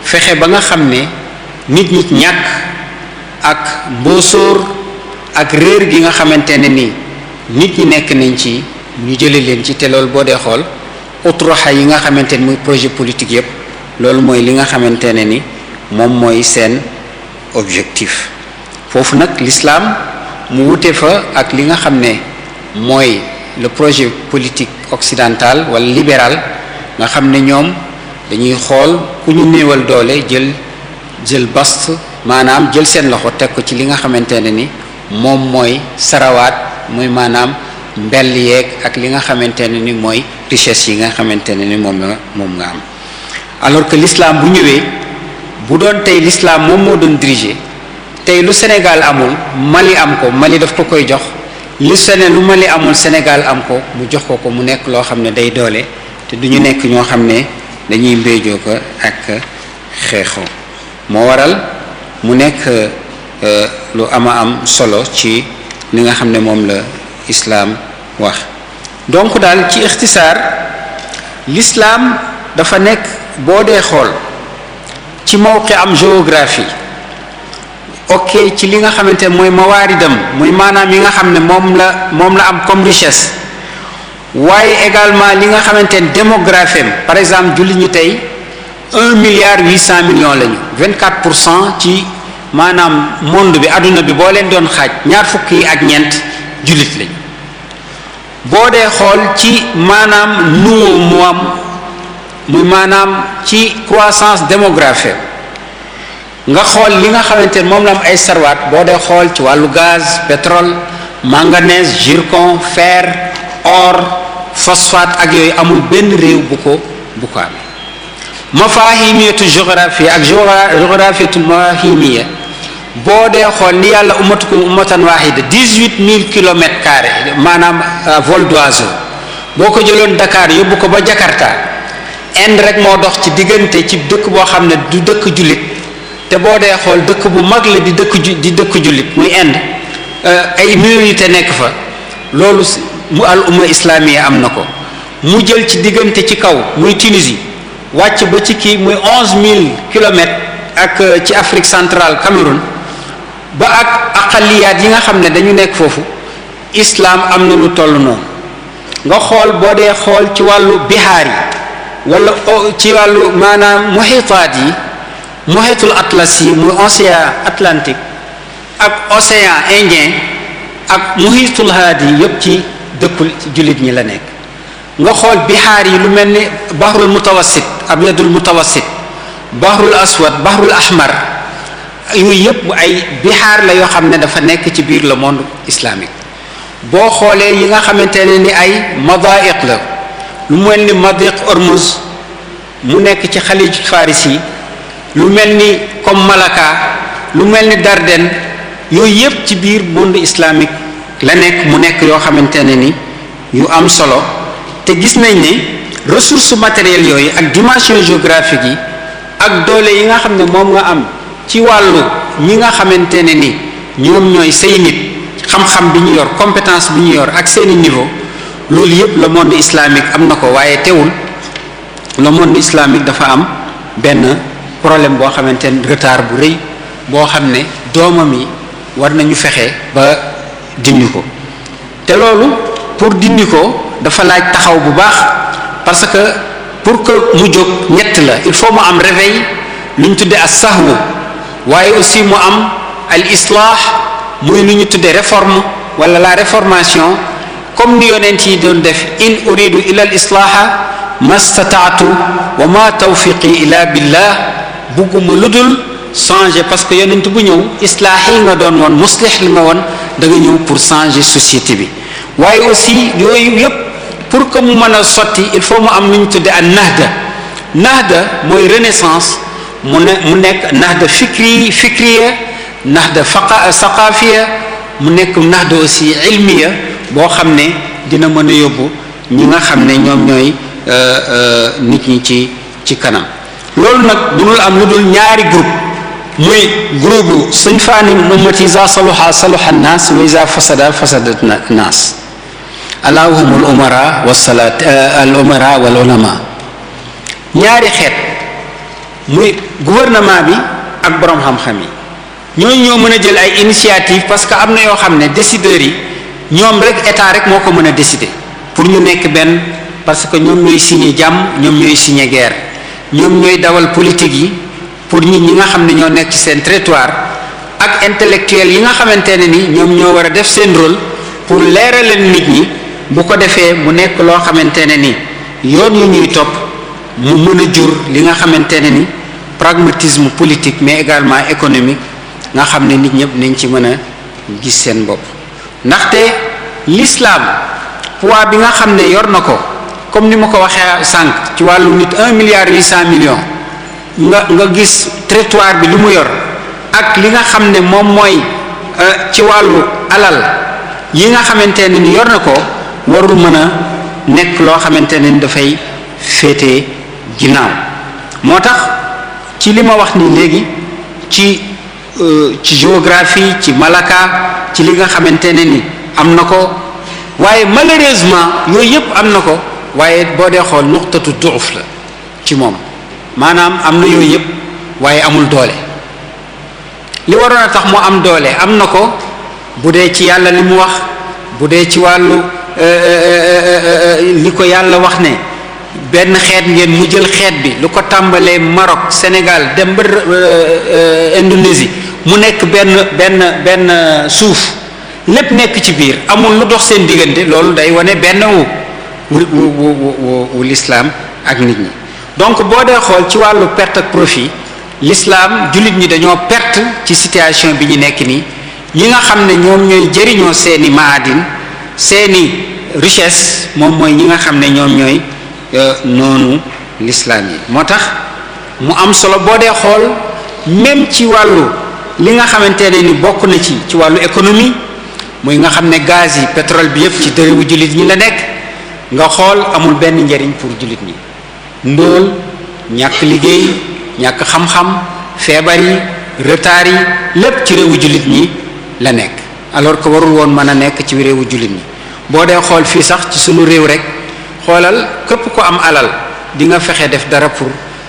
fexe ba nga xam ne nit ñi ñàkk ak mboosóor ak réer gi nga xamante ne ni nit ñi nekk nañ ci ñu jële leen ci te lool boo dee xool outroxa yi nga xamante ni muy projet politique yépp loolu mooy li nga xamante ne ni moom mooy seen objectif foofu nag lislaam mu wute fa ak li nga xam ne mooy le projet politique occidental wala libéral nga xam ne ñoom dañuy xool ku ñu néewal doole jël jël bast maanaam jël seen loxo teg ko ci li nga xamante ne ni moom mooy sarawaat mooy maanaam mbell yeeg ak li nga xamante ne ni mooy richesse yi nga xamante ne ni moom la moom nga am alors que l'islam bu ñëwee bu doon tey lislaam moom moo doon diriger tey lu Sénégal amoon Mali am ko Mali daf ko koy jox lu sene lu Mali amul Sénégal am ko mu jox ko ko mu nekk loo xam ne day doole te du ñu nekk ñoo xam ne dañuy mbéejoo ko ak xeexoo moo waral mu nekk euh, lu ama am solo ci li nga xam ne moom la islaam wax donc daal ci ixtisaar lislaam dafa nekk boo dee xool ci mawqi am géographie ok ci li nga xamante mooy mawaaridam muy maanaam yi nga xam ne moom la moom la am comme richesse waaye également li nga xamante ne démographie par exemple julli ñu tey un milliard huit cent millions lañu vingt quatre pour cent ci maanaam monde bi àdduna bi boo leen doon xaaj ñaar fukk yi ak ñeent jullit lañu boo dee xool ci maanaam nuwu mu am muy maanaam ci croissance démographique nga xool li nga xamante ne moom la am ay sarwaat boo dee xool ci wàllu gaz pétrole manganèse zircon fer or phosphate ak yooyu amul benn réew bu ko bu ko amee mafahimiyatu géographie ak géographiatul mafahimiya boo dee xool ni yàlla ummatukum ummatan wahida dix-huit mille kilomètres carrés maanaam euh, vol d'oiseau boo ko jëloon Dakar yóbbu ko ba Jakarta Inde rek moo dox ci diggante ci dëkk boo xam ne du dëkk jullit te boo dee xool dëkk bu mag la di dëkk ju di dëkk jullit muy Inde euh, ay minorité nekk fa loolu mu al islaam islamiya am na ko mu jël ci diggante ci kaw muy Tunisie wàcc ba ci kii muy onze mille kilomètres ak euh, ci Afrique centrale Cameroun ba ak aqaliyaat yi nga xam ne dañu nekk foofu islaam am na lu toll noonu nga xool boo dee xool ci wàllu bihaar yi wala ci wàllu maanaam muhitaat yi muhitul atlas yi muy océan atlantique ak océan indien ak muhitul haad yi yëpp ci dëkkul jullit ñi la nekk nga xool bihaar yi lu mel ni bahrul mutawassit abyadul mutawassit bahrul aswad bahrul ahmar yooyu yëpp ay bihaar la yoo xam ne dafa nekk ci biir le monde islamique boo xoolee yi nga xamante ne ni ay madaaiq la lu mel ni madiq Hormuz mu nekk ci xalij faris yi lu mel ni comme Malaka lu mel ni darden yooyu yépp ci biir monde islamique la nekk mu nekk yoo xamante ne ni yu am solo te gis nañ ni ressources matérielles yooyu ak dimension géographique yi ak doole yi nga xam ne moom nga am ci wàllu ñi nga xamante ne ni ñoom ñooy say nit xam-xam bi ñu yor compétence bi ñu yor ak seeni niveau loolu yëpp la monde islamique am na ko waaye teewul le monde islamique dafa am benn problème boo xamante ne retard bu rëy boo xam ne doomam yi war nañu fexe ba dindi ko te loolu pour dindi ko dafa laaj taxaw bu baax parce que pour que mu jóg ñett la il faut mu am réveil lu ñu tuddee as sahwu waaye aussi mu am al islah muy lu ñu tuddee réforme wala la réformation comme ni yonent yi doon def in uridu ila al islaaha ma stataatu wa ma tawfiqi ila billah bugguma lu dul parce que yonent bu ñëw islaax nga doon woon muslix li ma woon da nga ñëw pour changer société bi waaye aussi yooyu yépp pour que mu mën a sotti il faut mu am lu ñu tudde an nahda nahda mooy renaissance mu mu nekk nahda fikri fikriya nahda faqa saqafiya mu nekk nahda aussi ilmiya boo xam ne dina mën a yóbbu ñi nga xam ne ñoom ñooy euh, euh, nit ñi ci ci kanam loolu nag dunul am lu dul ñaari groupe muy groupe sinfaani ummati isa saluha saluha naas wa isa fasada fasadat naas ala hum al umara wasalat euh, al umara wal ulama ñaari xeet muy gouvernement bi ak borom xam-xam yi ñooñu ñoo mën a jël ay initiative parce que am na yoo xam ne décideurs yi ñoom rek état rek moo ko mën a décider pour ñu nekk benn parce que ñoom ñooy signé jàmm ñoom ñooy signé guerre ñoom ñooy dawal politique yi pour ñi ñi nga xam ne ñoo nekk ci seen territoire ak intellectuel yi nga xamante ne ni ñoom ñoo war a def seen rôle pour leeraleen nit ñi bu ko defee mu nekk loo xamante ne ni yoon yu ñuy topp mu mën a jur li nga xamante ne ni pragmatisme politique mais également économique nga xam ne nit ñëpp nañ ci mën a gis seen bopp ndaxte lislaam poids bi nga xam ne yor na ko comme ni ma ko waxee sànq ci wàllu nit un milliard million nga nga gis territoire bi li mu yor ak li nga xam ne moom mooy euh, ci wàllu alal yi nga xamante ne ni yor na ko warul mën a nekk loo xamante ne ni dafay féete ginnaaw moo tax ci li ma wax ni léegi ci Euh, ci géographie ci malaka ci li nga xamante ne ni am na ko waaye malheureusement yooyu yëpp am na ko waaye boo dee xool nuqtatu duuf la ci moom maanaam am na yooyu yëpp waaye amul doole li waroon a tax mu am doole am na ko bu dee ci yàlla li mu wax bu dee ci wàllu euh, euh, li ko yàlla wax ne benn xeet ngeen mu jël xeet bi lu ko tàmbalee Maroc Sénégal dem ba Indonésie mu nekk benn benn benn suuf lépp nekk ci biir amul lu dox seen diggante loolu day wane benn wu wu wu wu lislaam ak nit ñi donc boo dee xool ci wàllu perte ak profit l'islam jullit ñi dañoo perte ci situation bi ñu nekk nii ñi nga xam ne ñoom ñooy jëriñoo seeni maadin seeni richesse moom mooy ñi nga xam ne ñoom ñooy euh, noonu l'islam yi moo tax mu am solo boo dee xool même ci wàllu li nga xamante ne ni bokk na ci ci wàllu économie muy nga xam ne gaz yi pétrole bi yëpp ci dërëbu jullit ñi la nekk nga xool amul benn njariñ pour jullit ñi ndóol ñàkk liggéey ñàkk xam-xam feebar yi retard yi lépp ci réewu jullit ñi la nekk alors que warul woon mën a nekk ci réewu jullit ñi boo dee xool fii sax ci sunu réew rek xoolal képp ko am alal di nga fexe def dara pour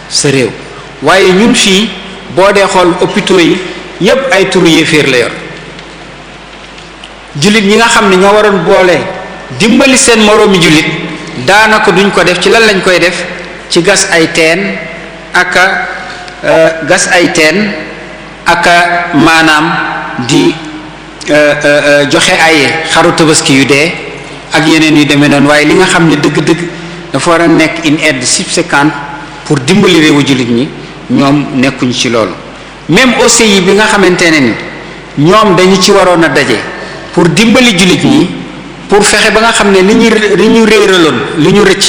sa réew waaye ñun fii boo dee xool hôpitaux yi yépp ay turu yéeféer la yor jullit ñi nga xam ni ñoo waroon boole dimbali seen moroomi jullit daanaka duñ ko def ci lan lañ koy def ci gas ay teen aka euh, gas ay teen aka maanaam di euh, euh, joxe ay xaru tabaski yu dee ak yeneen yu demee noonu waaye li nga xam ne dëgg-dëgg dafa war a nekk une aide subséquente pour dimbali réewu jullit ñi ñoom nekkuñu ci loolu même OCI bi nga xamante ne ni ñoom dañu ci waroon a daje pour dimbali jullit yi pour fexe ba nga xam ne li ñu li ñu réeraloon li ñu rëcc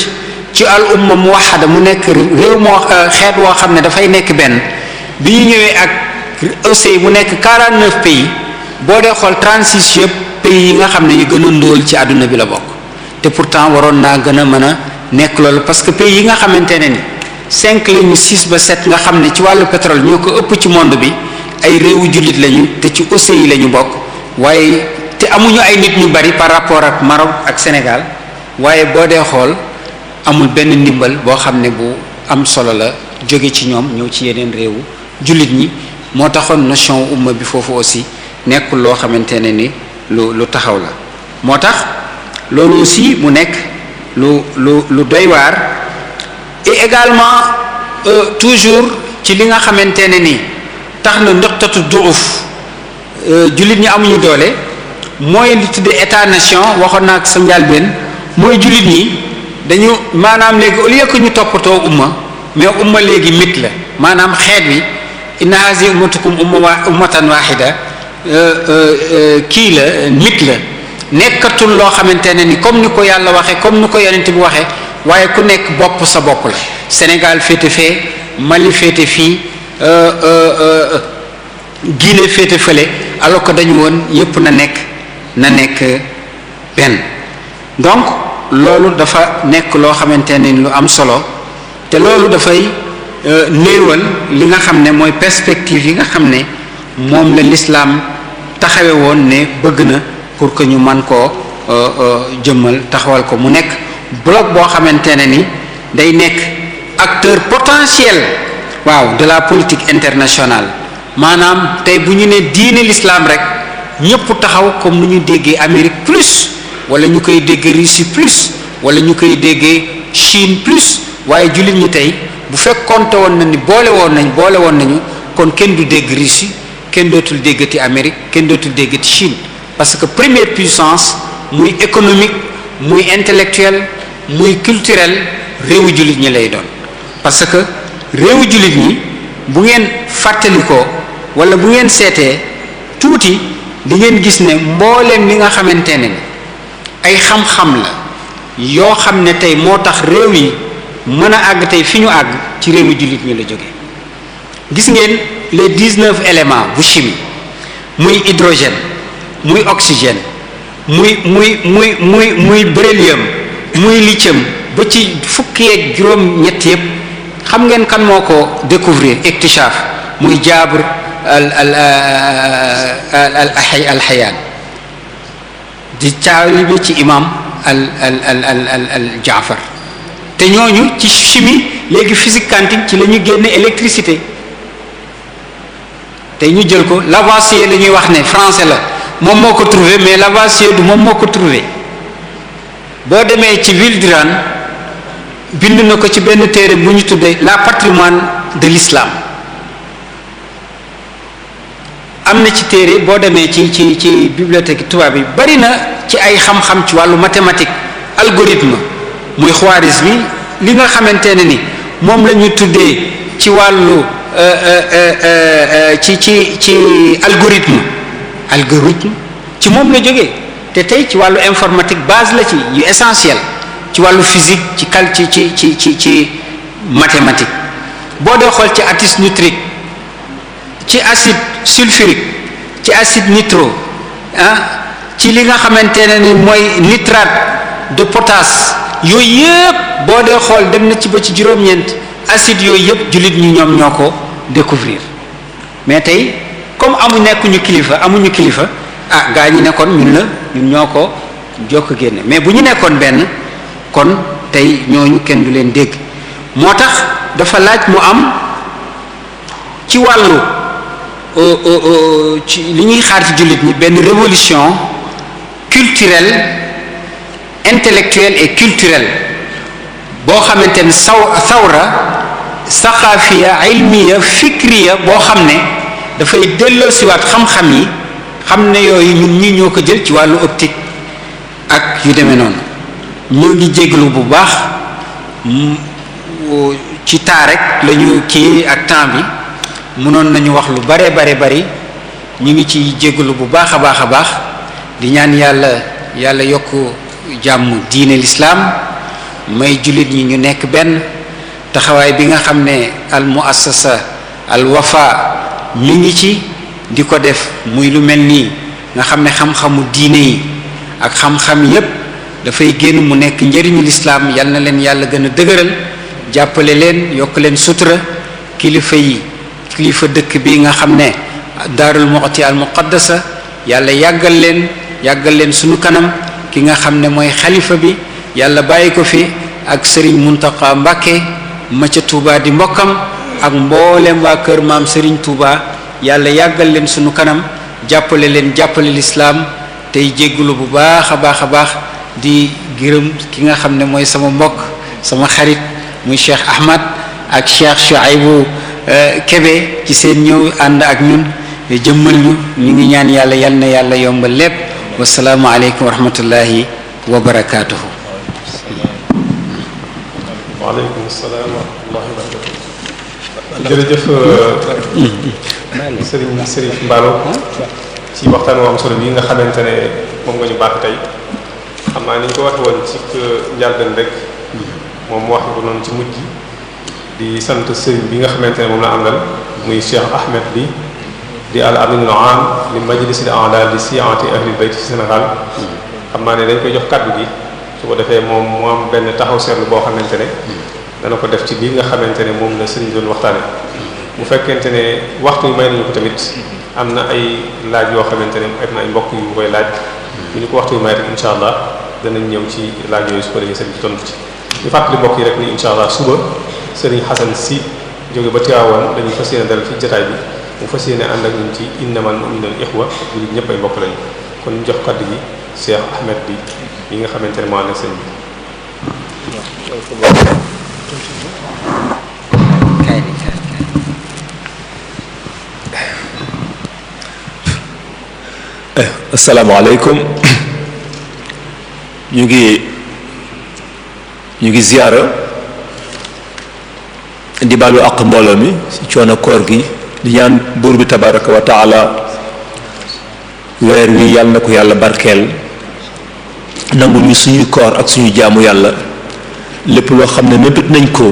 ci al mu waxada mu nekk réew moo euh, xeet woo xam ne dafay nekk benn bi ñu ñëwee ak OCI bu nekk 49 pays boo dee xool 36 yëpp pays yi nga xam ne ñu gën ndóol ci àdduna bi la bokk te pourtant waroon naa gën a mën a nekk loolu parce que pays yi nga xamante ne ni cinq lañu six ba sept nga xam ne ci wàllu pétrole ñoo ko ëpp ci monde bi ay réewu jullit lañu te ci OCI yi lañu bokk waaye te amuñu ay nit ñu bari par rapport ak Maroc ak Sénégal waaye boo dee xool amul benn ndimbal boo xam ne bu am solo la jóge ci ñoom ñëw ci yeneen réew jullit ñi moo taxoon notion umma bi foofu aussi nekkul loo xamante ne ni lu lu taxaw la moo tax loolu aussi mu nekk lu lu lu doy waar i également euh, toujours ci li nga xamante ne ni tax na ndoxtatu duuf euh, jullit ñi amuñu doole mooy li tudde état nation waxoon naa ak sa njàlbeen mooy jullit ñi dañu maanaam léegi au lieu ñu toppatoo umma mais umma léegi mit la maanaam xeet wi inna hazi ummatukum ummatan wahida euh, kii la mit la nekkatul loo xamante ne ni comme ni ko yàlla waxee comme nu ko yonent bu waxee waaye ku nekk bopp sa bopp la Sénégal féete fee Mali féete fii euh, euh, euh, Guinée féete fële alors que dañu woon yépp na nekk na nekk benn donc loolu dafa nekk loo xamante ne lu am solo te loolu dafay néewal li nga xam ne mooy perspective yi nga xam ne moom la lislaam taxawe woon ne bëgg na pour que ñu man koo jëmmal taxawal ko mu nekk bloc boo xamante ne ni day nekk acteur potentiel waaw de la politique internationale maanaam tey bu ñu ne diine lislaam rek ñëpp taxaw comme nu ñu déggee Amérique plus wala ñu koy déggee Russie plus wala ñu koy déggee Chine plus waaye jullit ñi tey bu fekkoon te woon na ni boole woon nañ boole woon nañu kon kenn du dégg Russie kenn dootul déggati Amérique kenn dootul déggati Chine parce que première puissance muy économique muy intellectuel muy culturel réewu jullit ñi lay doon parce que réewu jullit ñi bu ngeen fàttalikoo wala bu ngeen seetee tuuti di ngeen gis ne mbooleem li nga xamante ne ay xam-xam la yoo xam ne tey moo tax réew yi mën a àgg tey fi ñu àgg ci réewu jullit ñi la jóge gis ngeen le dix-neuf éléments bu chimie muy hydrogène muy oxygène muy muy muy muy muy béréliyam muy lithium ba ci fukk ak juróom ñett yëpp xam ngeen kan moo ko découvrir iktishaaf muy jaabir al al al al xayaan di taalibe ci imam al al al al jaafar te ñooñu ci chimie léegi physique quantique ci la ñu génne électricité te ñu jël ko Lavoisier la ñuy wax ne français la moom moo ko trouver mais Lavoisier du moom moo ko trouver boo demee ci Vildiran bind na ko ci benn téere bu ñu tuddee la patrimoine de l'islam am na ci téere boo demee ci ci ci bibliothèque tubaab yi bari na ci ay xam-xam ci wàllu mathématique algorithme muy xwaaris bi li nga xamante ne ni moom la ñu tuddee ci wàllu euh, euh, euh, ci ci ci algorithme algorithme ci moom la jógee te tey ci wàllu informatique base la ci yu essentiel ci wàllu physique ci kal ci ci ci ci ci mathématique boo dee xool ci acide nitrique ci acide sulfurique ci acide nitro ah ci li nga xamante ne ni mooy nitrate de potasse yooyu yëpp boo dee xool dem na ci ba ci juróom-ñeent acide yooyu yëpp jullit ñi ñoom ñoo ko découvrir mais tey amu nekkuñu kilifa amuñu kilifa ah gaa ñi nekkoon ñun la ñun ñoo ko jokk génne mais bu ñu nekkoon benn kon tey ñooñu kenn du leen dégg moo tax dafa laaj mu am ci wàllu euh, euh, euh, ci li ñuy xaar ci jullit ñi benn révolution culturelle intellectuelle et culturel boo xamante ne saw sawra saxaafiya ilmiya fikriya boo xam ne dafay delloo siwaat xam-xam yi xam ne yooyu ñu ñi ñoo ko jël ci wàllu optique ak yu demee noonu ñoo ngi jéglu bu baax ci taa rek la ñu kii ak temps bi mënoon nañu wax lu bare bare bari ñu ngi ci jéglu bu baax a baax a baax di ñaan yàlla yàlla yokk jàmm diine lislaam may jullit yi ñu nekk benn taxawaay bi nga xam ne al muassasa mi ngi ci di ko def muy lu mel nii nga xam ne xam-xamu diine yi ak xam-xam yépp dafay génn mu nekk njëriñu lislaam yal na leen yàlla gën a dëgëral jàppale leen yokk leen sutura kilifa yi kilifa dëkk bi nga xam ne daarul muqti al muqaddasa yàlla yàggal leen yàggal leen suñu kanam ki nga xam ne mooy xalifa bi yàlla bàyyi ko fi ak sëriñ muntaqa mbàkke ma ca tuubaa di mbokkam ak mboolem waa kër maam Serigne Touba yàlla yàggal leen sunu kanam jàppale leen jàppale lislaam tey jéggulu bu baax a baax a baax di gërëm ki nga xam ne mooy sama mbokk sama xarit muy Cheikh Ahmad ak Cheikh Chouaïbou eh, Kébé ci seen ñëw ànd ak ñun eh, jëmmal ñu ñu ngi ñaan yàlla yal na yàlla yombal lépp wasalaamualeykum wa rahmatullahi wa barakaatuhu. waaleykum jërëjëf euh, hmm? Serigne Serigne Mballo hmm? ci waxtaan woo am solo bi nga xamante ne moom nga ñu baax tey xam naa ni ñu ko waxee woon ci njàlbeen rek moom wax ko noonu ci mujj di sant Serigne bi nga xamante ne moom la àndal muy Cheikh Ahmed bi di al amin al am li majlisil a'la li si'ati ahli bayt ci Sénégal hmm. xam naa ne dañ koy jox kàddu gi su ko defee moom mu am benn taxaw seetlu boo xamante ne dana ko def ci lii nga xamante ne moom la sëriñ doon waxtaane bu fekkente ne waxtu yu may nañu ko tamit am na ay laaj yoo xamante ne ak na ay mbokk yu koy laaj bu ñu ko waxtu yu may rek incha danañ ñëw ci laaj yooyu su ko defee sëriñ bi tontu ci ñu fàttali mbokk yi rek incha allah suba sëriñ Xasan si jóge ba Tiwaawan dañu fas yéene dara ci bi mu fas yéene ànd ak ñun ci innamal mu'minuna ixwa jullit ñëpp ay mbokk lañu kon ñu jox gi Cheikh Ahmed bi yi nga xamante ne moo ànd bi Eh, kay bi ñu ngi ñu ngi ziyaara di baalu àq mbooloo mi ci coono koor gi di ñaan buur bi tabaraka wa taala weer wi yàlla na ko yàlla barkeel nangu ñu suñuy koor ak suñu jaamu yàlla lépp loo xam ne mébét nañ ko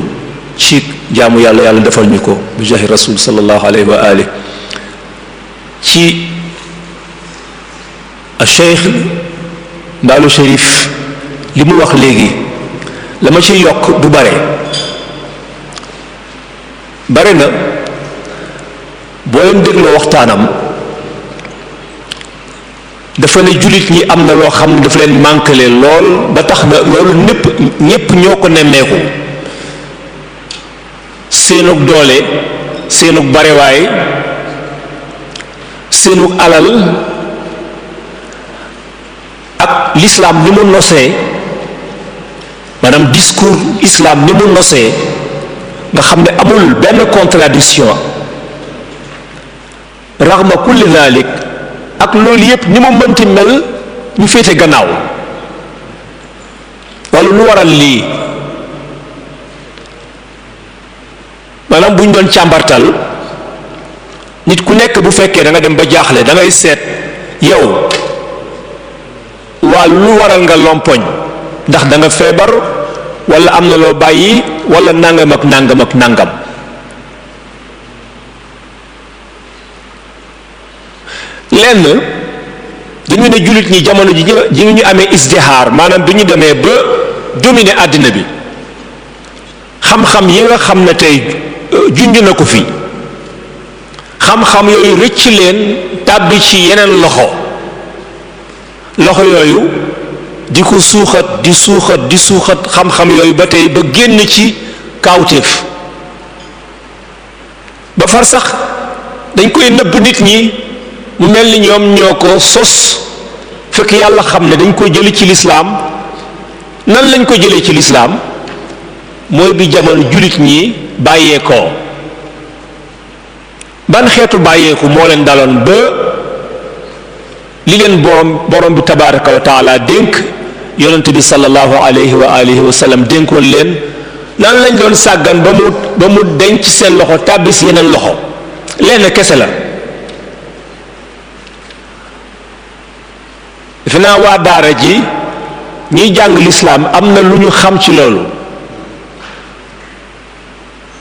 ci jaamu yàlla yàlla defal ñu ko bi jahi rasul sallallahu alayhi wa ali ci cheikh ndaalu shérif li mu wax léegi la ma ci yokk bu bare bare na boo leen dégloo waxtaanam dafa ne jullit ñi am na loo xam ne dafa leen manqué lool ba tax na loolu ñépp ñépp ñoo ko nemmeeku seenug doole seenug barewaay seenug alal ak lislaam ni mu nosee maanaam discours islaam ni mu nosee nga xam ne amul benn contradiction raxma kulli dalik ak loolu yépp ni mu mënti mel ñu féete gannaaw loolu lu waral lii maanaam bu ñu doon càmbartal nit ku nekk bu fekkee da dem ba jaaxle dangay seet yow waa lu waral nga lompoñ ndax danga nga feebar wala am na loo bàyyi wala nangam ak nangam ak nangam. lenn dañu ne jullit ñi jamono ji ñu ñu amee isdihaar maanaam bi ñu demee ba dominer àddina bi xam-xam yi nga xam na tey euh, junj na ko fi xam-xam yooyu rëcc leen tàbbi ci yeneen loxo loxo yooyu di ko suuxat di suuxat di suuxat xam-xam yooyu ba tey ba génn ci kaawteef ba far sax dañ koy nëbb nit ñi mu mel ni ñoom ñoo ko sos fekk yàlla xam ne dañ ko jële ci lislaam nan lañ ko jëlee ci lislaam mooy bi jamono jullit ñi bàyyeekoo ban xeetu bàyyeeku moo leen daloon ba li leen borom borom bi tabaraka wa dénk yonent bi sallallahu alayhi wa alihi wa dénkoon leen lan lañ doon sàggan ba mu ba mu denc seen loxo tàbbis yeneen loxo lenn kese la defe naa waa daara ji ñiy jàng lislaam am na lu ñu xam ci loolu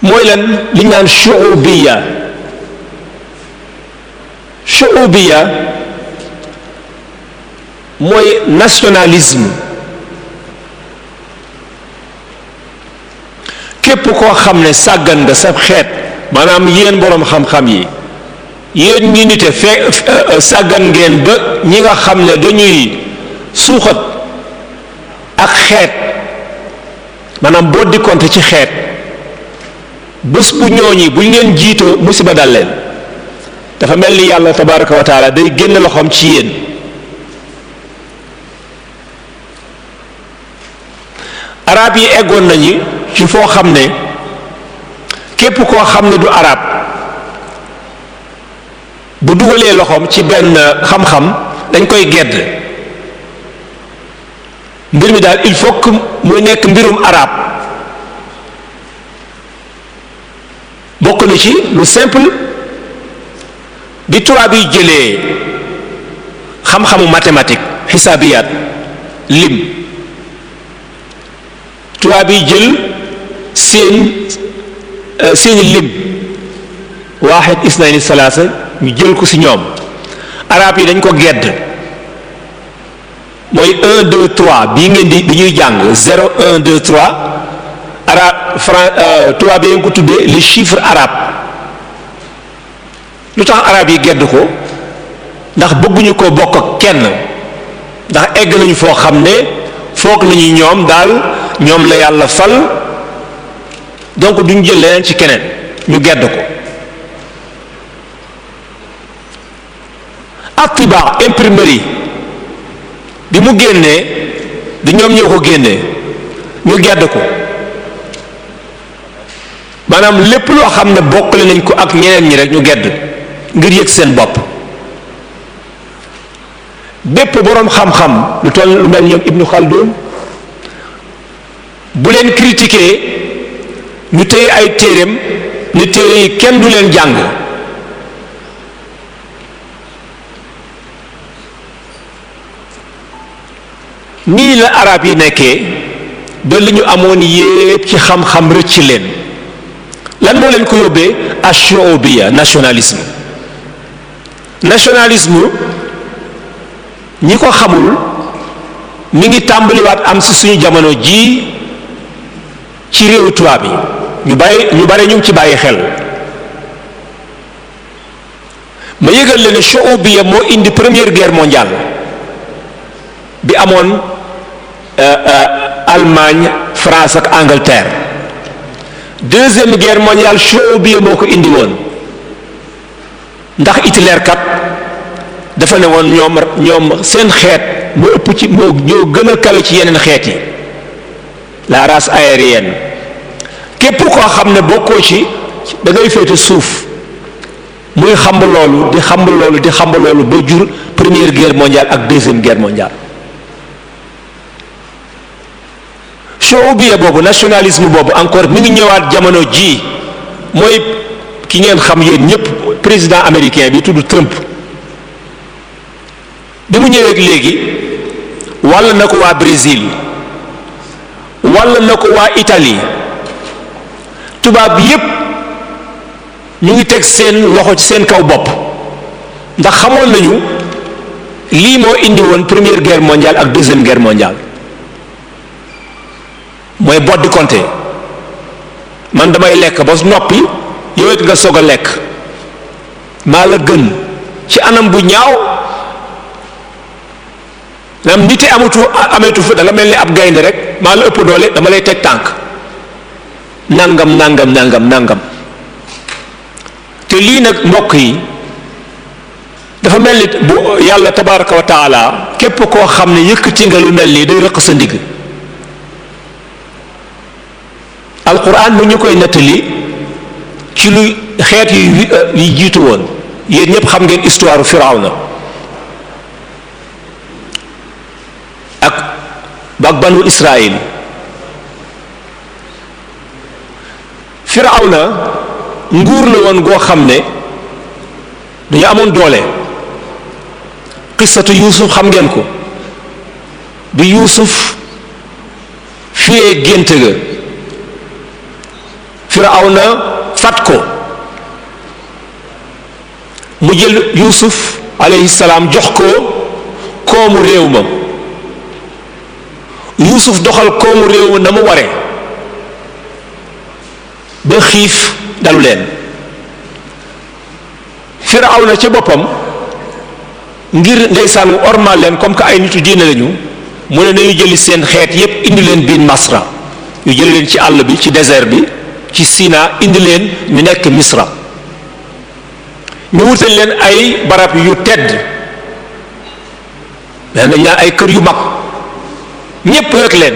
mooy lan li ñu naan shuubiya shuubiya mooy nationalisme képp koo xam ne sàggan nga sa xeet maanaam yéen boroomu xam-xam yi yéen ñi nite fe euh, sàggan ngeen ba ñi nga xam ne dañuy suuxat ak xeet maanaam boo dikkonte ci xeet bés bu ñooñi buñ leen jiitoo musiba leen dafa mel ni yàlla tabaraka wa taala day génn loxoom ci yéen arab yi eggoon nañu ci foo xam ne képp koo xam ne du arab bu dugalee loxoom ci benn xam-xam dañ koy gedd mbir mi daal il faut que mu nekk mbirum araab bokk na ci lu simple bi tubaab yi jëlee xam-xamu mathématique xisaabiyaat lim tubaab yi jël seen euh, seeni lim waaxid isnaani salaasa ñu jël ko ci ñoom arab yi dañ ko gedd mooy un trois bii ngeen di bi ñuy jàng zéro de deux trois arab fran euh, tubaab yi nga ko tuddee les chiffres arabes lu tax arab yi gedd ko ndax bëgguñu ko bokk kenn ndax egg nañu foo xam ne foog nañu ñoom daal ñoom la yàlla fal donc duñ jël leneen ci keneen ñu gedd ko attiba imprimerie bi mu génnee di ñoom ñoo ko génnee ñu gedd ko maanaam lépp loo xam ne bokkale nañ ko ak ñeneen ñi rek ñu gedd ngir yëg seen bopp bépp boroom xam-xam lu toll lu mel ñoom Ibnu Khaldun bu leen critiquer ñu téye ay téereem ñu téere yi kenn du leen jàng nii la arab yi nekkee ba li ñu amoon yépp ci xam-xam rëcc leen lan moo leen ko yóbbee ashobia nationalisme nationalisme ñi ko xamul mi ngi tàmbaliwaat am si suñu jamono jii ci réewu tubaab yi ñu bàyyi ñu bare ñu ngi ci bàyyi xel ma yëgal leen ne shoobiya moo indi première guerre mondiale bi amoon Euh, euh, Allemagne France ak Angleterre deuxième guerre mondiale show bi moo ko indi woon ndax Hitler kat dafa ne ñoom ñoom seen xeet moo ëpp ci moo ñoo gën a kawe ci yeneen xeet yi la race aérienne képp koo xam ne bokkoo ci da ngay féete suuf muy xamb loolu di xamb loolu di xamb loolu ba jur première guerre mondiale ak deuxième guerre mondiale. showbiya boobu nationalisme boobu encore mu ngi ñëwaat jamono ji mooy ki ngeen xam yéen ñëpp président américain bi tudd Trump bi mu ñëwee léegi wàll na ko waa Brésil wàll na ko waa itali tubaab bi yépp ñu ngi teg seen loxo ci seen kaw bopp ndax xamoon nañu lii moo indi woon première guerre mondiale ak deuxième guerre mondiale mooy boddi compter man damay lekk ba noppi yow it nga soog a lekk maa la gën ci anam bu ñaaw nam nit yi amatu ametu fa da mel ni ab gaynde rek maa la ëpp doole dama lay teg tànk nangam ndangam ndangam nangam te lii nag mbokk yi dafa mel ni bu yàlla tabaraka wa taala képp koo xam ne yëkkati nga lu mel nii day rëq sa ndigg alquran mi ñu koy nettali ci lu xeet yi euh, jiitu woon yéen ñëpp xam ngeen histoire Firawna ak ak banu Israël Firawna nguur la woon goo xam ne dañu amoon doole qissatu Yuusuf xam ngeen ko bi Yuusuf fiyee gént ga na fat ko mu jël yuusuf alayhi salaam jox ko koomu réew ma yuusuf doxal koomu réew ma na mu ware ba xiif dalu leen na ci boppam ngir ndeysaan mu ormal leen comme que ay nitu diine lañu mu ne nañu jëli seen xeet yépp indi leen biir masra ñu jël leen ci àll bi ci désert bi ci Sina indi leen ñu nekk Misra ñu wutal leen ay barab yu tedd dañ leen ay kër yu mag ñépp rek leen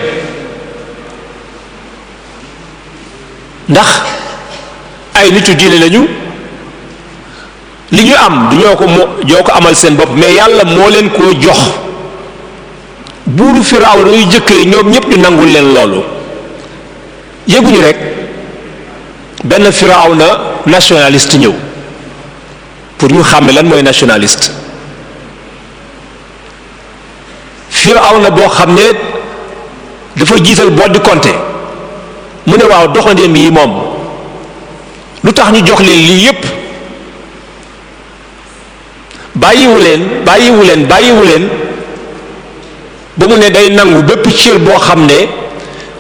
ndax ay nit yu diine lañu li ñu am du ñoo ko moo ñoo ko amal seen bopp mais yàlla moo leen koo jox buur Firaaw nañu jëkkee ñoom ñépp ñu nangul leen loolu yëguñu rek. benn firawna nationaliste ñëw pour ñu xàmme lan mooy nationaliste na boo xam ne dafa jiital bool di compter mu ne waaw doxandéem yi moom lu tax ñu jox leen lii yépp bàyyiwu leen bàyyiwu leen bàyyiwu leen ba mu ne day nangu bépp cër boo xam ne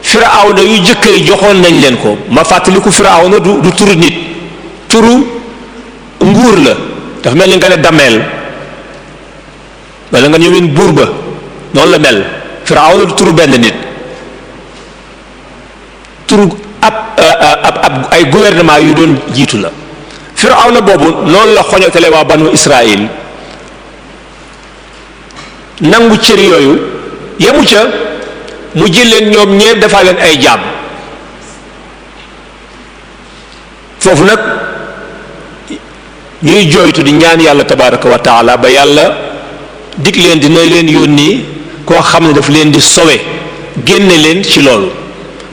firawna yu jëkk joxoon nañ leen ko ma fàttaliku firawna na du turu nit turu nguur la dafa mel ni nga ne dameel wala nga ñëwin buur ba noonu la mel firawna du turu benn nit turu ab eh, ab ab ay gouvernement yu doon jiitu la firawna boobu noonu la xoñotale waa banu israil nangu cër yooyu yemu ca mu jël leen ñoom ñépp defaa leen ay jaam foofu nag ñuy jooytu di ñaan yàlla tabaraka wa taala ba yàlla dig leen dina leen yónni koo xam ne daf leen di sowe génne leen ci lool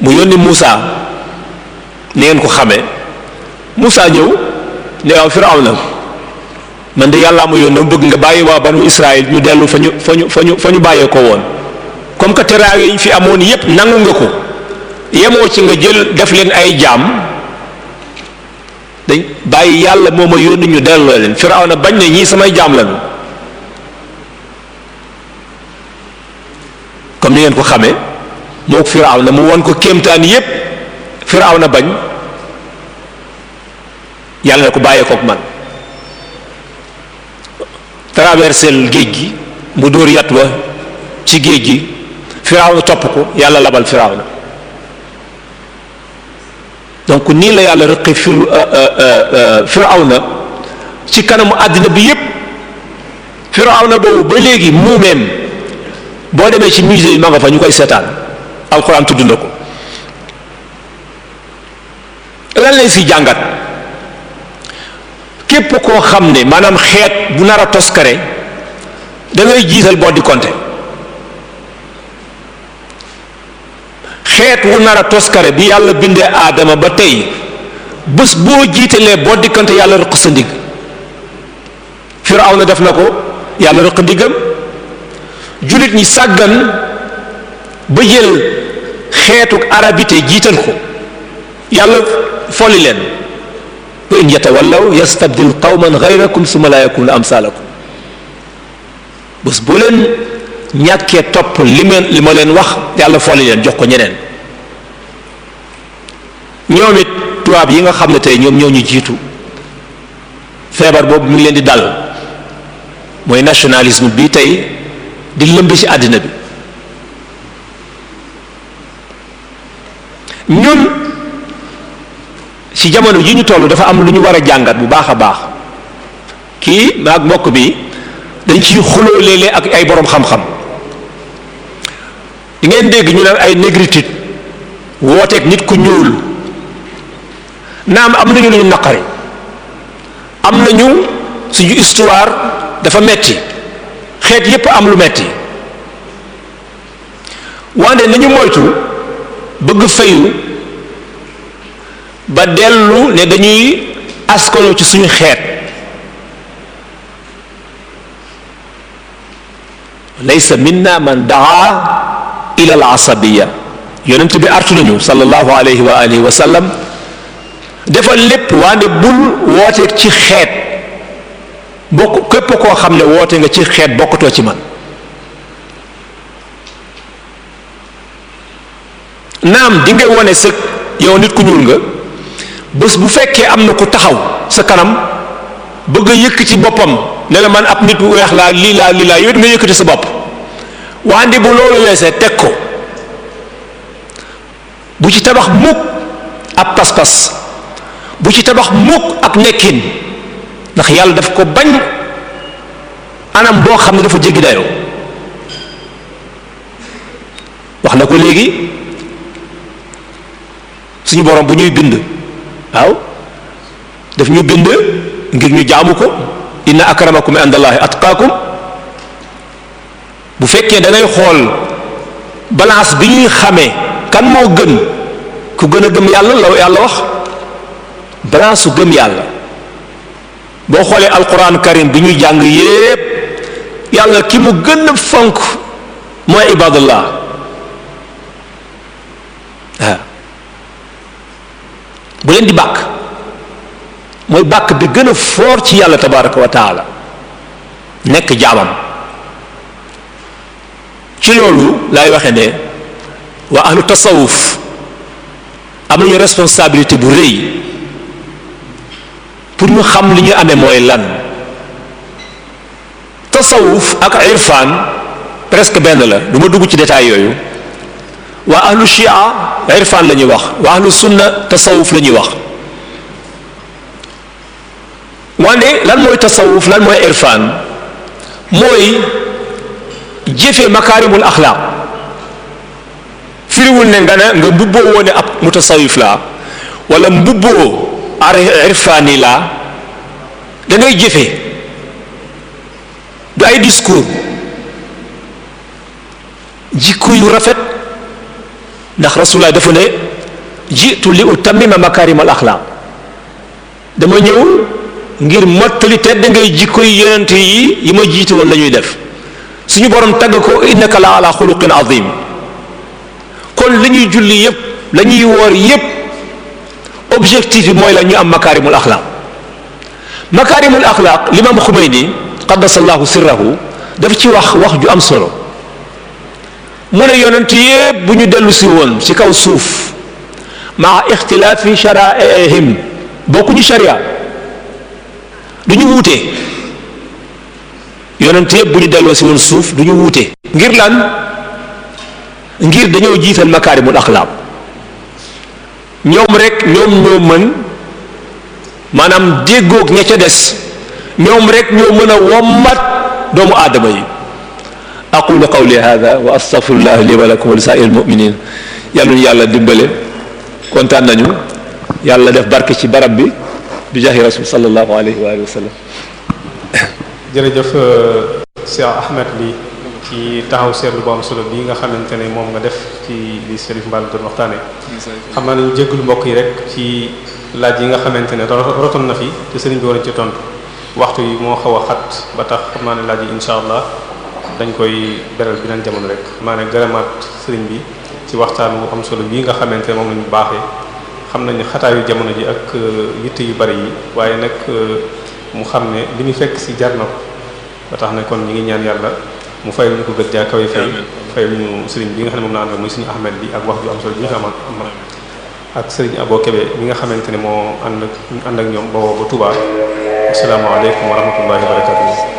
mu yónni Muusa ni ngeen ko xame Muusa ñëw ne waaw Firawna man de yàlla amu yónni dama bëgg nga bàyyi waa banu Israël ñu dellu fa ñu fa ñu fa ñu fa ñu bàyyee ko woon comme que teraawe yi fi amoon yépp nangu nga ko yemoo ci nga jël def leen ay jaam dañ bàyyi yàlla moom ma yónni ñu delloo leen Firawna bañ ne ñii samay jaam lañu comme ni ngeen ko xamee moo na mu won ko kéemtaan yépp na bañ yàlla na ko bàyyee kook man traversel géej gi mu dóor yat wa ci géej gi firawna topp ko yàlla labal na donc nii la yàlla rëqi fir euh, euh, euh, na ci kanamu àddina bi yépp firawna boobu ba léegi muumeem boo demee ci musée yi ma fa ñu koy seetaan alxuraan tudd na ko lan lañ si jàngat képp koo xam ne maanaam xeet bu nar a toskare da ngay jiital boo di compter xeet wu nar a toskare bi yàlla bindee aadama ba tey bés boo jiitalee boo dikkante yàlla rëq sa ndigg na def na ko yàlla rëq ndiggam jullit ñi sàggan ba jël xeetuk arabite jiital ko yàlla folli leen wa in yatawallaw yastabdil qawman ghayrakum summa la yakunu amsalakum bés boo leen ñàkkee topp li ma li ma leen wax yàlla folli leen jox ko ñeneen ñoom it tubaab yi nga xam ne tey ñoom ñoo ñu jiitu feebar boobu mi ngi leen di dal mooy nationalisme bii tey di lëmb ci àddina bi ñun ci jamono ji ñu toll dafa am lu ñu war a jàngat bu baax a baax kii ak mbokk bi dañ ciy xuloo léeg ak ay boroom xam-xam di ngeen dégg ñu naan ay négritude wooteeg nit ku ñuul. naam am nañu lu ñu naqari am nañu suñu histoire dafa metti xeet yépp am lu metti wante nañu moytu bëgg fayu ba dellu ne dañuy askanoo ci suñu xeet laysa minna man daa ila al asabiya yonent bi artu nañu sallallahu alayhi wa alihi defal lépp waande bul woote ci xeet bokk képp koo xam ne woote nga ci xeet bokkatoo ci man naam di nga wone sëg yow nit ku ñuul nga bés bu fekkee am na ku taxaw sa kanam bëgg a yëkkati boppam ne la man ab nit bu weex laa lii laa lii laa yow it nga yëkkati sa bopp waande bu loolu weesee teg ko bu ci tabax mukk ab pas-pas bu ci tabax mukk ak nekkin ndax yàlla daf ko bañ anam boo xam ne dafa jéggi dayoo wax na ko léegi suñu borom bu ñuy bind waaw daf ñu bind ngir ñu jaamu ko inna akramakum indallahi atqaakum bu fekkee da xool balance bi ñuy xamee kan moo gën ku gën a gëm yàlla la yàlla wax balaa su gëm yàlla boo xoolee alquran karim bi ñuy jàng yépp yàlla ki mu gën a fonk mooy ibadullah waaw bu leen di bàkk mooy bàkk bi gën a foor ci yàlla tabaraka wa taala nekk jaamam ci loolu laay waxee ne waa ahlu tasawuf am nañu responsabilité bu rëy pour ñu xam li ñu amee mooy lan tasawuf ak irfan presque benn la du dugg ci détail yooyu waa ahlu shia irfan la ñuy wax waa ahlu sunna tasawuf la ñuy wax wante lan mooy tasawuf lan mooy irfan mooy jëfe makaarimul axlaaq firiwul ne nga ne nga mbubboo woone ab mutasawif la wala mbubboo irfaani laa dangay jëfe du ay discours jikko yu rafet ndax rasulullah dafa ne jitu li utammima makaarimal axlaaq dama ñëw ngir mottali tedd ngay jikko yi yonent yi yi ma jiitu woon la ñuy def suñu borom tagg ko innaka la ala xuluqin azim kon li julli yépp la ñuy woor yépp objectif bi mooy la ñu am makaarimul axlaaq makaarimul axlaaq limaam Xumayni qaddasallahu sirrahu daf ci wax wax ju am solo mu ne yonent bu ñu dellu si woon ci kaw suuf maa ixtilaafi sharaihim bokkuñu sharia du ñu wuute yonent bu ñu delloo si suuf du ñu wuute ngir lan ngir dañoo jiital makaarimul axlaaq ñoom rek ñoom ñoo mën maanaam déggoog ña ca des ñoom rek ñoo mën a wommat doomu aadama yi aqulu qawli hada wa astaghfirullah li wa lakum wa li sa'il mu'minin yàlla ñu yàlla dimbale kontaan nañu yàlla def barke ci barab bi bi jahi rasul sallallahu alayhi wa sallam jërëjëf Cheikh Ahmed li ci taxaw seetlu bu am solo bii nga xamante ne moom nga def ci li Serif Mball doon waxtaanee. xam naa ne lu mbokk yi rek ci laaj yi nga xamante ne rotoon na fi te sëriñ bi war ci tontu waxtu yi moo xaw a xat ba tax xam naa ne laaj yi incha allah dañ koy beral beneen jamono rek maa ne gërëmaat bi ci waxtaan wu am solo bii nga xamante ne moom lañu baaxee xam nañu xataayu jamono ji ak euh, yitte yu bari yi waaye nag euh, mu xam ne li ñu fekk si jar na ko ba tax ne kon ñu ngi ñaan yàlla. mu fay ñu ko gën jaa kawe fay fay ñu sëriñ bi nga xam ne moom la àndal muy suñu ahmed bi ak wax ju am solo bi ñu fi amal ak sëriñ Abo Kebe bi nga xamante ne moo ànd ak ànd ak ñoom ba woo ba Touba asalaamaaleykum wa rahmatullahi wa